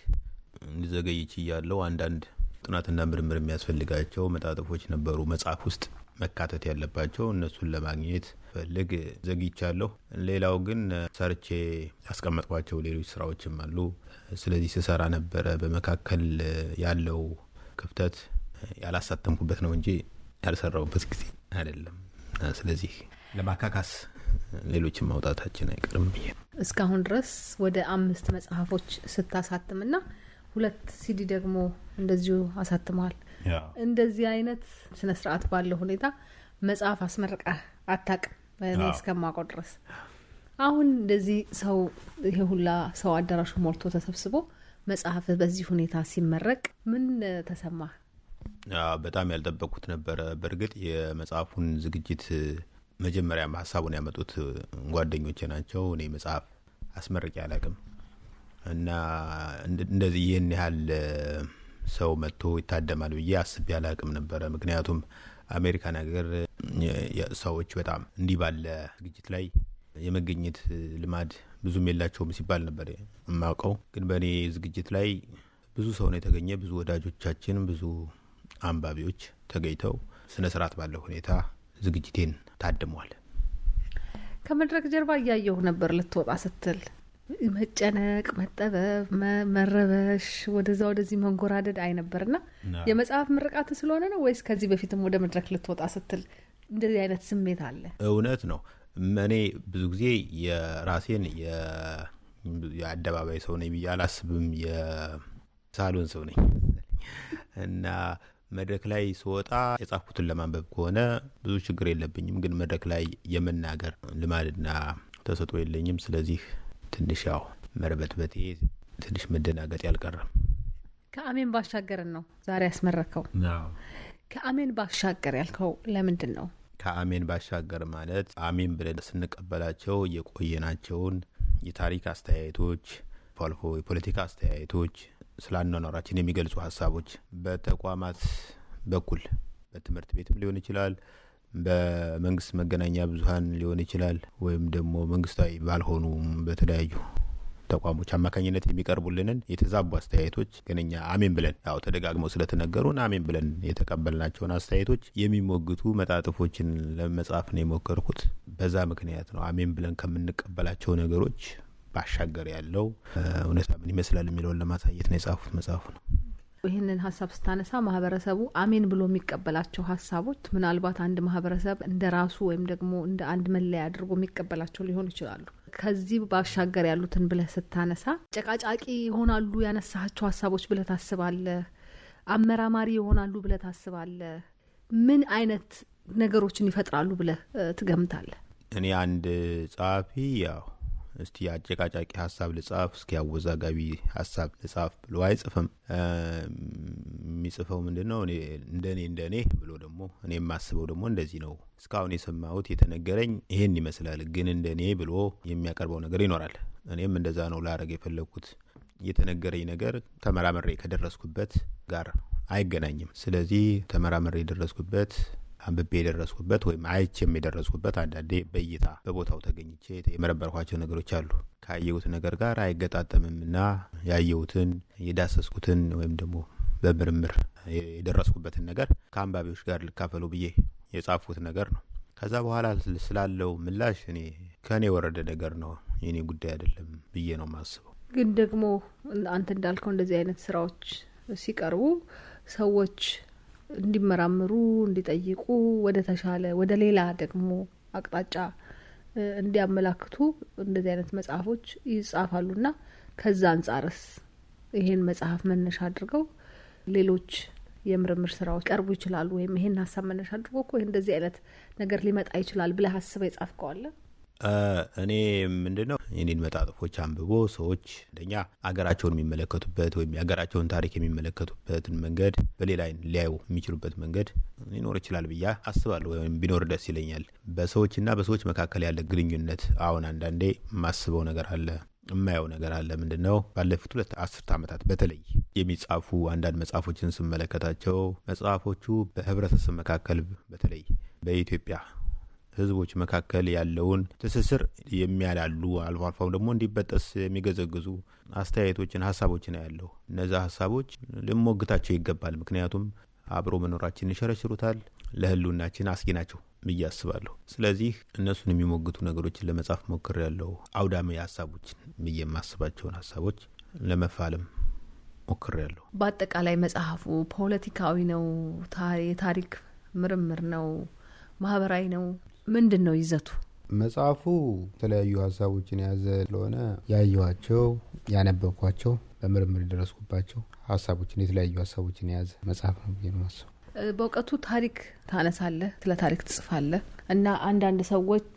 ዘገይች እያለው አንዳንድ ጥናትና ምርምር የሚያስፈልጋቸው መጣጥፎች ነበሩ መጽሐፍ ውስጥ መካተት ያለባቸው እነሱን ለማግኘት ፈልግ ዘግይቻለሁ። ሌላው ግን ሰርቼ ያስቀመጥኳቸው ሌሎች ስራዎችም አሉ። ስለዚህ ስሰራ ነበረ። በመካከል ያለው ክፍተት ያላሳተምኩበት ነው እንጂ ያልሰራውበት ጊዜ አይደለም። ስለዚህ ለማካካስ ሌሎችን ማውጣታችን አይቀርም ብዬ እስካሁን ድረስ ወደ አምስት መጽሐፎች ና ሁለት ሲዲ ደግሞ እንደዚሁ አሳትመዋል። እንደዚህ አይነት ስነ ስርአት ባለው ሁኔታ መጽሐፍ አስመርቀ አታቅም እስከማቆ ድረስ። አሁን እንደዚህ ሰው ይሄ ሁላ ሰው አዳራሹ ሞልቶ ተሰብስቦ መጽሐፍ በዚህ ሁኔታ ሲመረቅ ምን ተሰማ? በጣም ያልጠበቁት ነበረ። በእርግጥ የመጽሐፉን ዝግጅት መጀመሪያም ሀሳቡን ያመጡት ጓደኞቼ ናቸው። እኔ መጽሐፍ አስመርቄ አላቅም እና እንደዚህ ይህን ያህል ሰው መጥቶ ይታደማል ብዬ አስቤ አላቅም ነበረ። ምክንያቱም አሜሪካን ሀገር ሰዎች በጣም እንዲህ ባለ ዝግጅት ላይ የመገኘት ልማድ ብዙም የላቸውም ሲባል ነበር የማውቀው። ግን በእኔ ዝግጅት ላይ ብዙ ሰው ነው የተገኘ። ብዙ ወዳጆቻችን፣ ብዙ አንባቢዎች ተገኝተው ስነ ስርዓት ባለው ሁኔታ ዝግጅቴን ታድሟል። ከመድረክ ጀርባ እያየሁ ነበር ልትወጣ ስትል መጨነቅ፣ መጠበብ፣ መረበሽ፣ ወደዛ ወደዚህ መንጎራደድ አይነበርና የመጽሐፍ ምርቃት ስለሆነ ነው ወይስ ከዚህ በፊትም ወደ መድረክ ልትወጣ ስትል እንደዚህ አይነት ስሜት አለ? እውነት ነው። እኔ ብዙ ጊዜ የራሴን የአደባባይ ሰው ነኝ ብዬ አላስብም። የሳሎን ሰው ነኝ እና መድረክ ላይ ስወጣ የጻፍኩትን ለማንበብ ከሆነ ብዙ ችግር የለብኝም። ግን መድረክ ላይ የመናገር ልማድና ተሰጦ የለኝም። ስለዚህ ትንሽ ያው መርበትበቴ ትንሽ መደናገጥ ያልቀረም ከአሜን ባሻገርን ነው ዛሬ ያስመረከው። ከአሜን ባሻገር ያልከው ለምንድን ነው? ከአሜን ባሻገር ማለት አሜን ብለን ስንቀበላቸው የቆየናቸውን የታሪክ አስተያየቶች አልፎ የፖለቲካ አስተያየቶች ስለ አኗኗራችን የሚገልጹ ሀሳቦች በተቋማት በኩል በትምህርት ቤትም ሊሆን ይችላል፣ በመንግስት መገናኛ ብዙሀን ሊሆን ይችላል፣ ወይም ደግሞ መንግስታዊ ባልሆኑ በተለያዩ ተቋሞች አማካኝነት የሚቀርቡልንን የተዛቡ አስተያየቶች ግን እኛ አሜን ብለን ያው ተደጋግመው ስለተነገሩን አሜን ብለን የተቀበልናቸውን አስተያየቶች የሚሞግቱ መጣጥፎችን ለመጻፍ ነው የሞከርኩት። በዛ ምክንያት ነው አሜን ብለን ከምንቀበላቸው ነገሮች ባሻገር ያለው እውነታ ምን ይመስላል የሚለውን ለማሳየት ነው የጻፉት መጽሐፉ ነው። ይህንን ሀሳብ ስታነሳ ማህበረሰቡ አሜን ብሎ የሚቀበላቸው ሀሳቦች ምናልባት አንድ ማህበረሰብ እንደ ራሱ ወይም ደግሞ እንደ አንድ መለያ አድርጎ የሚቀበላቸው ሊሆኑ ይችላሉ። ከዚህ ባሻገር ያሉትን ብለህ ስታነሳ ጨቃጫቂ ይሆናሉ ያነሳቸው ሀሳቦች ብለህ ታስባለህ? አመራማሪ ይሆናሉ ብለህ ታስባለህ? ምን አይነት ነገሮችን ይፈጥራሉ ብለህ ትገምታለህ? እኔ አንድ ጸሐፊ ያው እስቲ አጨቃጫቂ ሀሳብ ልጻፍ፣ እስኪ አወዛጋቢ ሀሳብ ልጻፍ ብሎ አይጽፍም። የሚጽፈው ምንድን ነው? እንደኔ እንደኔ ብሎ ደግሞ እኔ የማስበው ደግሞ እንደዚህ ነው፣ እስካሁን የሰማሁት የተነገረኝ ይሄን ይመስላል፣ ግን እንደኔ ብሎ የሚያቀርበው ነገር ይኖራል። እኔም እንደዛ ነው ላረግ የፈለግኩት። የተነገረኝ ነገር ተመራመሬ ከደረስኩበት ጋር አይገናኝም። ስለዚህ ተመራመሬ የደረስኩበት አንብቤ የደረስኩበት ወይም አይቼም የደረስኩበት አንዳንዴ በእይታ በቦታው ተገኝቼ የመረመርኳቸው ነገሮች አሉ። ካየሁት ነገር ጋር አይገጣጠምም እና ያየሁትን የዳሰስኩትን ወይም ደግሞ በምርምር የደረስኩበትን ነገር ከአንባቢዎች ጋር ልካፈሉ ብዬ የጻፉት ነገር ነው። ከዛ በኋላ ስላለው ምላሽ እኔ ከእኔ የወረደ ነገር ነው፣ የኔ ጉዳይ አይደለም ብዬ ነው የማስበው። ግን ደግሞ አንተ እንዳልከው እንደዚህ አይነት ስራዎች ሲቀርቡ ሰዎች እንዲመራምሩ፣ እንዲጠይቁ ወደ ተሻለ ወደ ሌላ ደግሞ አቅጣጫ እንዲያመላክቱ እንደዚህ አይነት መጽሐፎች ይጻፋሉና ከዛ አንጻርስ ይሄን መጽሐፍ መነሻ አድርገው ሌሎች የምርምር ስራዎች ቀርቡ ይችላሉ ወይም ይሄን ሀሳብ መነሻ አድርጎ እኮ እንደዚህ አይነት ነገር ሊመጣ ይችላል ብለህ አስበህ የጻፍከዋለህ? እኔ ምንድን ነው የኔን መጣጥፎች አንብቦ ሰዎች እንደኛ አገራቸውን የሚመለከቱበት ወይም የሀገራቸውን ታሪክ የሚመለከቱበትን መንገድ በሌላ አይን ሊያዩ የሚችሉበት መንገድ ሊኖር ይችላል ብዬ አስባለሁ፣ ወይም ቢኖር ደስ ይለኛል። በሰዎችና በሰዎች መካከል ያለ ግንኙነት አሁን አንዳንዴ የማስበው ነገር አለ፣ የማየው ነገር አለ። ምንድን ነው ባለፉት ሁለት አስርት ዓመታት በተለይ የሚጻፉ አንዳንድ መጽሐፎችን ስመለከታቸው መጽሐፎቹ በህብረተሰብ መካከል በተለይ በኢትዮጵያ ህዝቦች መካከል ያለውን ትስስር የሚያላሉ አልፎ አልፎም ደግሞ እንዲበጠስ የሚገዘግዙ አስተያየቶችን፣ ሀሳቦችን ያለው እነዚ ሀሳቦች ልንሞግታቸው ይገባል። ምክንያቱም አብሮ መኖራችን ይሸረሽሩታል፣ ለህልውናችን አስጊ ናቸው ብዬ አስባለሁ። ስለዚህ እነሱን የሚሞግቱ ነገሮችን ለመጻፍ ሞክር ያለው አውዳሚ ሀሳቦችን ብዬ የማስባቸውን ሀሳቦች ለመፋለም ሞክር ያለው። በአጠቃላይ መጽሐፉ ፖለቲካዊ ነው፣ የታሪክ ምርምር ነው፣ ማህበራዊ ነው፣ ምንድን ነው ይዘቱ? መጽሐፉ የተለያዩ ሀሳቦችን የያዘ ስለሆነ ያየኋቸው፣ ያነበብኳቸው፣ በምርምር የደረስኩባቸው ሀሳቦችን የተለያዩ ሀሳቦችን የያዘ መጽሐፍ ነው ብዬ ነው ማሰብ። በእውቀቱ ታሪክ ታነሳለህ፣ ስለ ታሪክ ትጽፋለህ እና አንዳንድ ሰዎች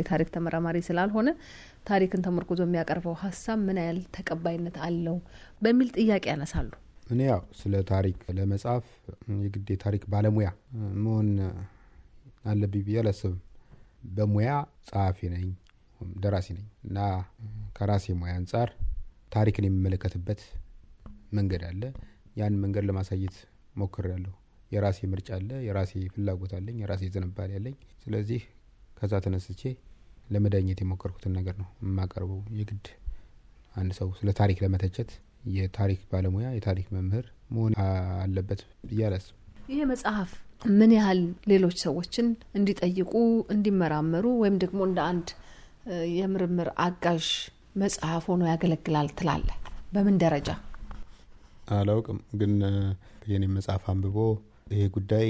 የታሪክ ተመራማሪ ስላልሆነ ታሪክን ተመርኩዞ የሚያቀርበው ሀሳብ ምን ያህል ተቀባይነት አለው በሚል ጥያቄ ያነሳሉ። እኔ ያው ስለ ታሪክ ለመጻፍ የግዴ ታሪክ ባለሙያ መሆን አለብኝ ብዬ አላስብም። በሙያ ጸሐፊ ነኝ፣ ደራሲ ነኝ እና ከራሴ ሙያ አንጻር ታሪክን የሚመለከትበት መንገድ አለ። ያን መንገድ ለማሳየት ሞክሬያለሁ። የራሴ ምርጫ አለ፣ የራሴ ፍላጎት አለኝ፣ የራሴ ዝንባሌ አለኝ። ስለዚህ ከዛ ተነስቼ ለመዳኘት የሞከርኩትን ነገር ነው የማቀርበው። የግድ አንድ ሰው ስለ ታሪክ ለመተቸት የታሪክ ባለሙያ የታሪክ መምህር መሆን አለበት ብዬ አላስብም። መጽሐፍ ምን ያህል ሌሎች ሰዎችን እንዲጠይቁ እንዲመራመሩ ወይም ደግሞ እንደ አንድ የምርምር አጋዥ መጽሐፍ ሆኖ ያገለግላል ትላለ? በምን ደረጃ አላውቅም፣ ግን የኔ መጽሐፍ አንብቦ ይሄ ጉዳይ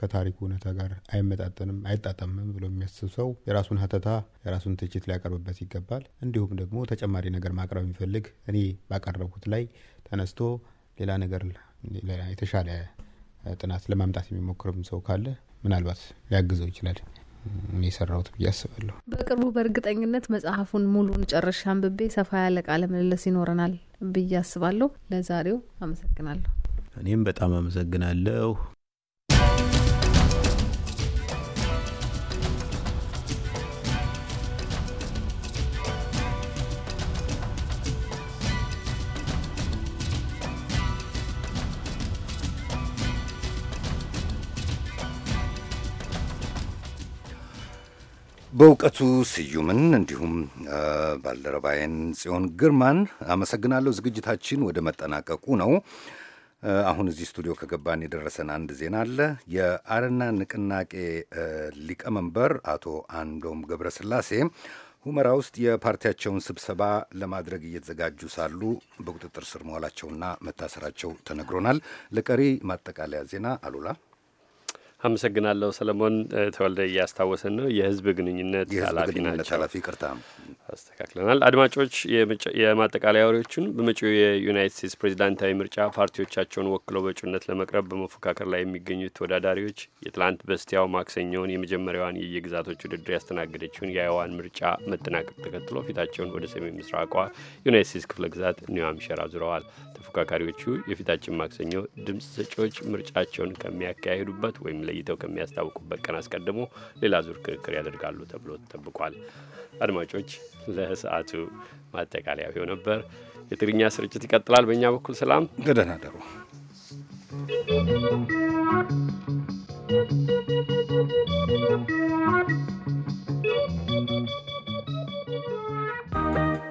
ከታሪኩ እውነታ ጋር አይመጣጠንም፣ አይጣጠምም ብሎ የሚያስብ ሰው የራሱን ሀተታ የራሱን ትችት ሊያቀርብበት ይገባል። እንዲሁም ደግሞ ተጨማሪ ነገር ማቅረብ የሚፈልግ እኔ ባቀረብኩት ላይ ተነስቶ ሌላ ነገር የተሻለ ጥናት ለማምጣት የሚሞክርም ሰው ካለ ምናልባት ሊያግዘው ይችላል የሰራውት ብዬ አስባለሁ። በቅርቡ በእርግጠኝነት መጽሐፉን ሙሉን ጨርሼ አንብቤ ሰፋ ያለ ቃለ ምልልስ ይኖረናል ብዬ አስባለሁ። ለዛሬው አመሰግናለሁ። እኔም በጣም አመሰግናለሁ። በእውቀቱ ስዩምን እንዲሁም ባልደረባዬን ጽዮን ግርማን አመሰግናለሁ። ዝግጅታችን ወደ መጠናቀቁ ነው። አሁን እዚህ ስቱዲዮ ከገባን የደረሰን አንድ ዜና አለ። የአረና ንቅናቄ ሊቀመንበር አቶ አንዶም ገብረስላሴ ሁመራ ውስጥ የፓርቲያቸውን ስብሰባ ለማድረግ እየተዘጋጁ ሳሉ በቁጥጥር ስር መዋላቸውና መታሰራቸው ተነግሮናል። ለቀሪ ማጠቃለያ ዜና አሉላ አመሰግናለሁ ሰለሞን ተወልደ እያስታወሰን ነው። የህዝብ ግንኙነት ኃላፊ ናቸው። ቅርታ አስተካክለናል። አድማጮች፣ የማጠቃለያ ወሬዎቹን በመጪው የዩናይት ስቴትስ ፕሬዚዳንታዊ ምርጫ ፓርቲዎቻቸውን ወክለው በእጩነት ለመቅረብ በመፎካከር ላይ የሚገኙት ተወዳዳሪዎች የትላንት በስቲያው ማክሰኞውን የመጀመሪያዋን የየግዛቶች ውድድር ያስተናገደችውን የአይዋን ምርጫ መጠናቀቅ ተከትሎ ፊታቸውን ወደ ሰሜን ምስራቋ ዩናይት ስቴትስ ክፍለ ግዛት ኒው አዙረዋል። ተፎካካሪዎቹ የፊታችን ማክሰኞ ድምፅ ሰጪዎች ምርጫቸውን ከሚያካሄዱበት ወይም ለይተው ከሚያስታውቁበት ቀን አስቀድሞ ሌላ ዙር ክርክር ያደርጋሉ ተብሎ ተጠብቋል። አድማጮች፣ ለሰዓቱ ማጠቃለያ ሆ ነበር። የትግርኛ ስርጭት ይቀጥላል። በእኛ በኩል ሰላም፣ ደህና ደሩ።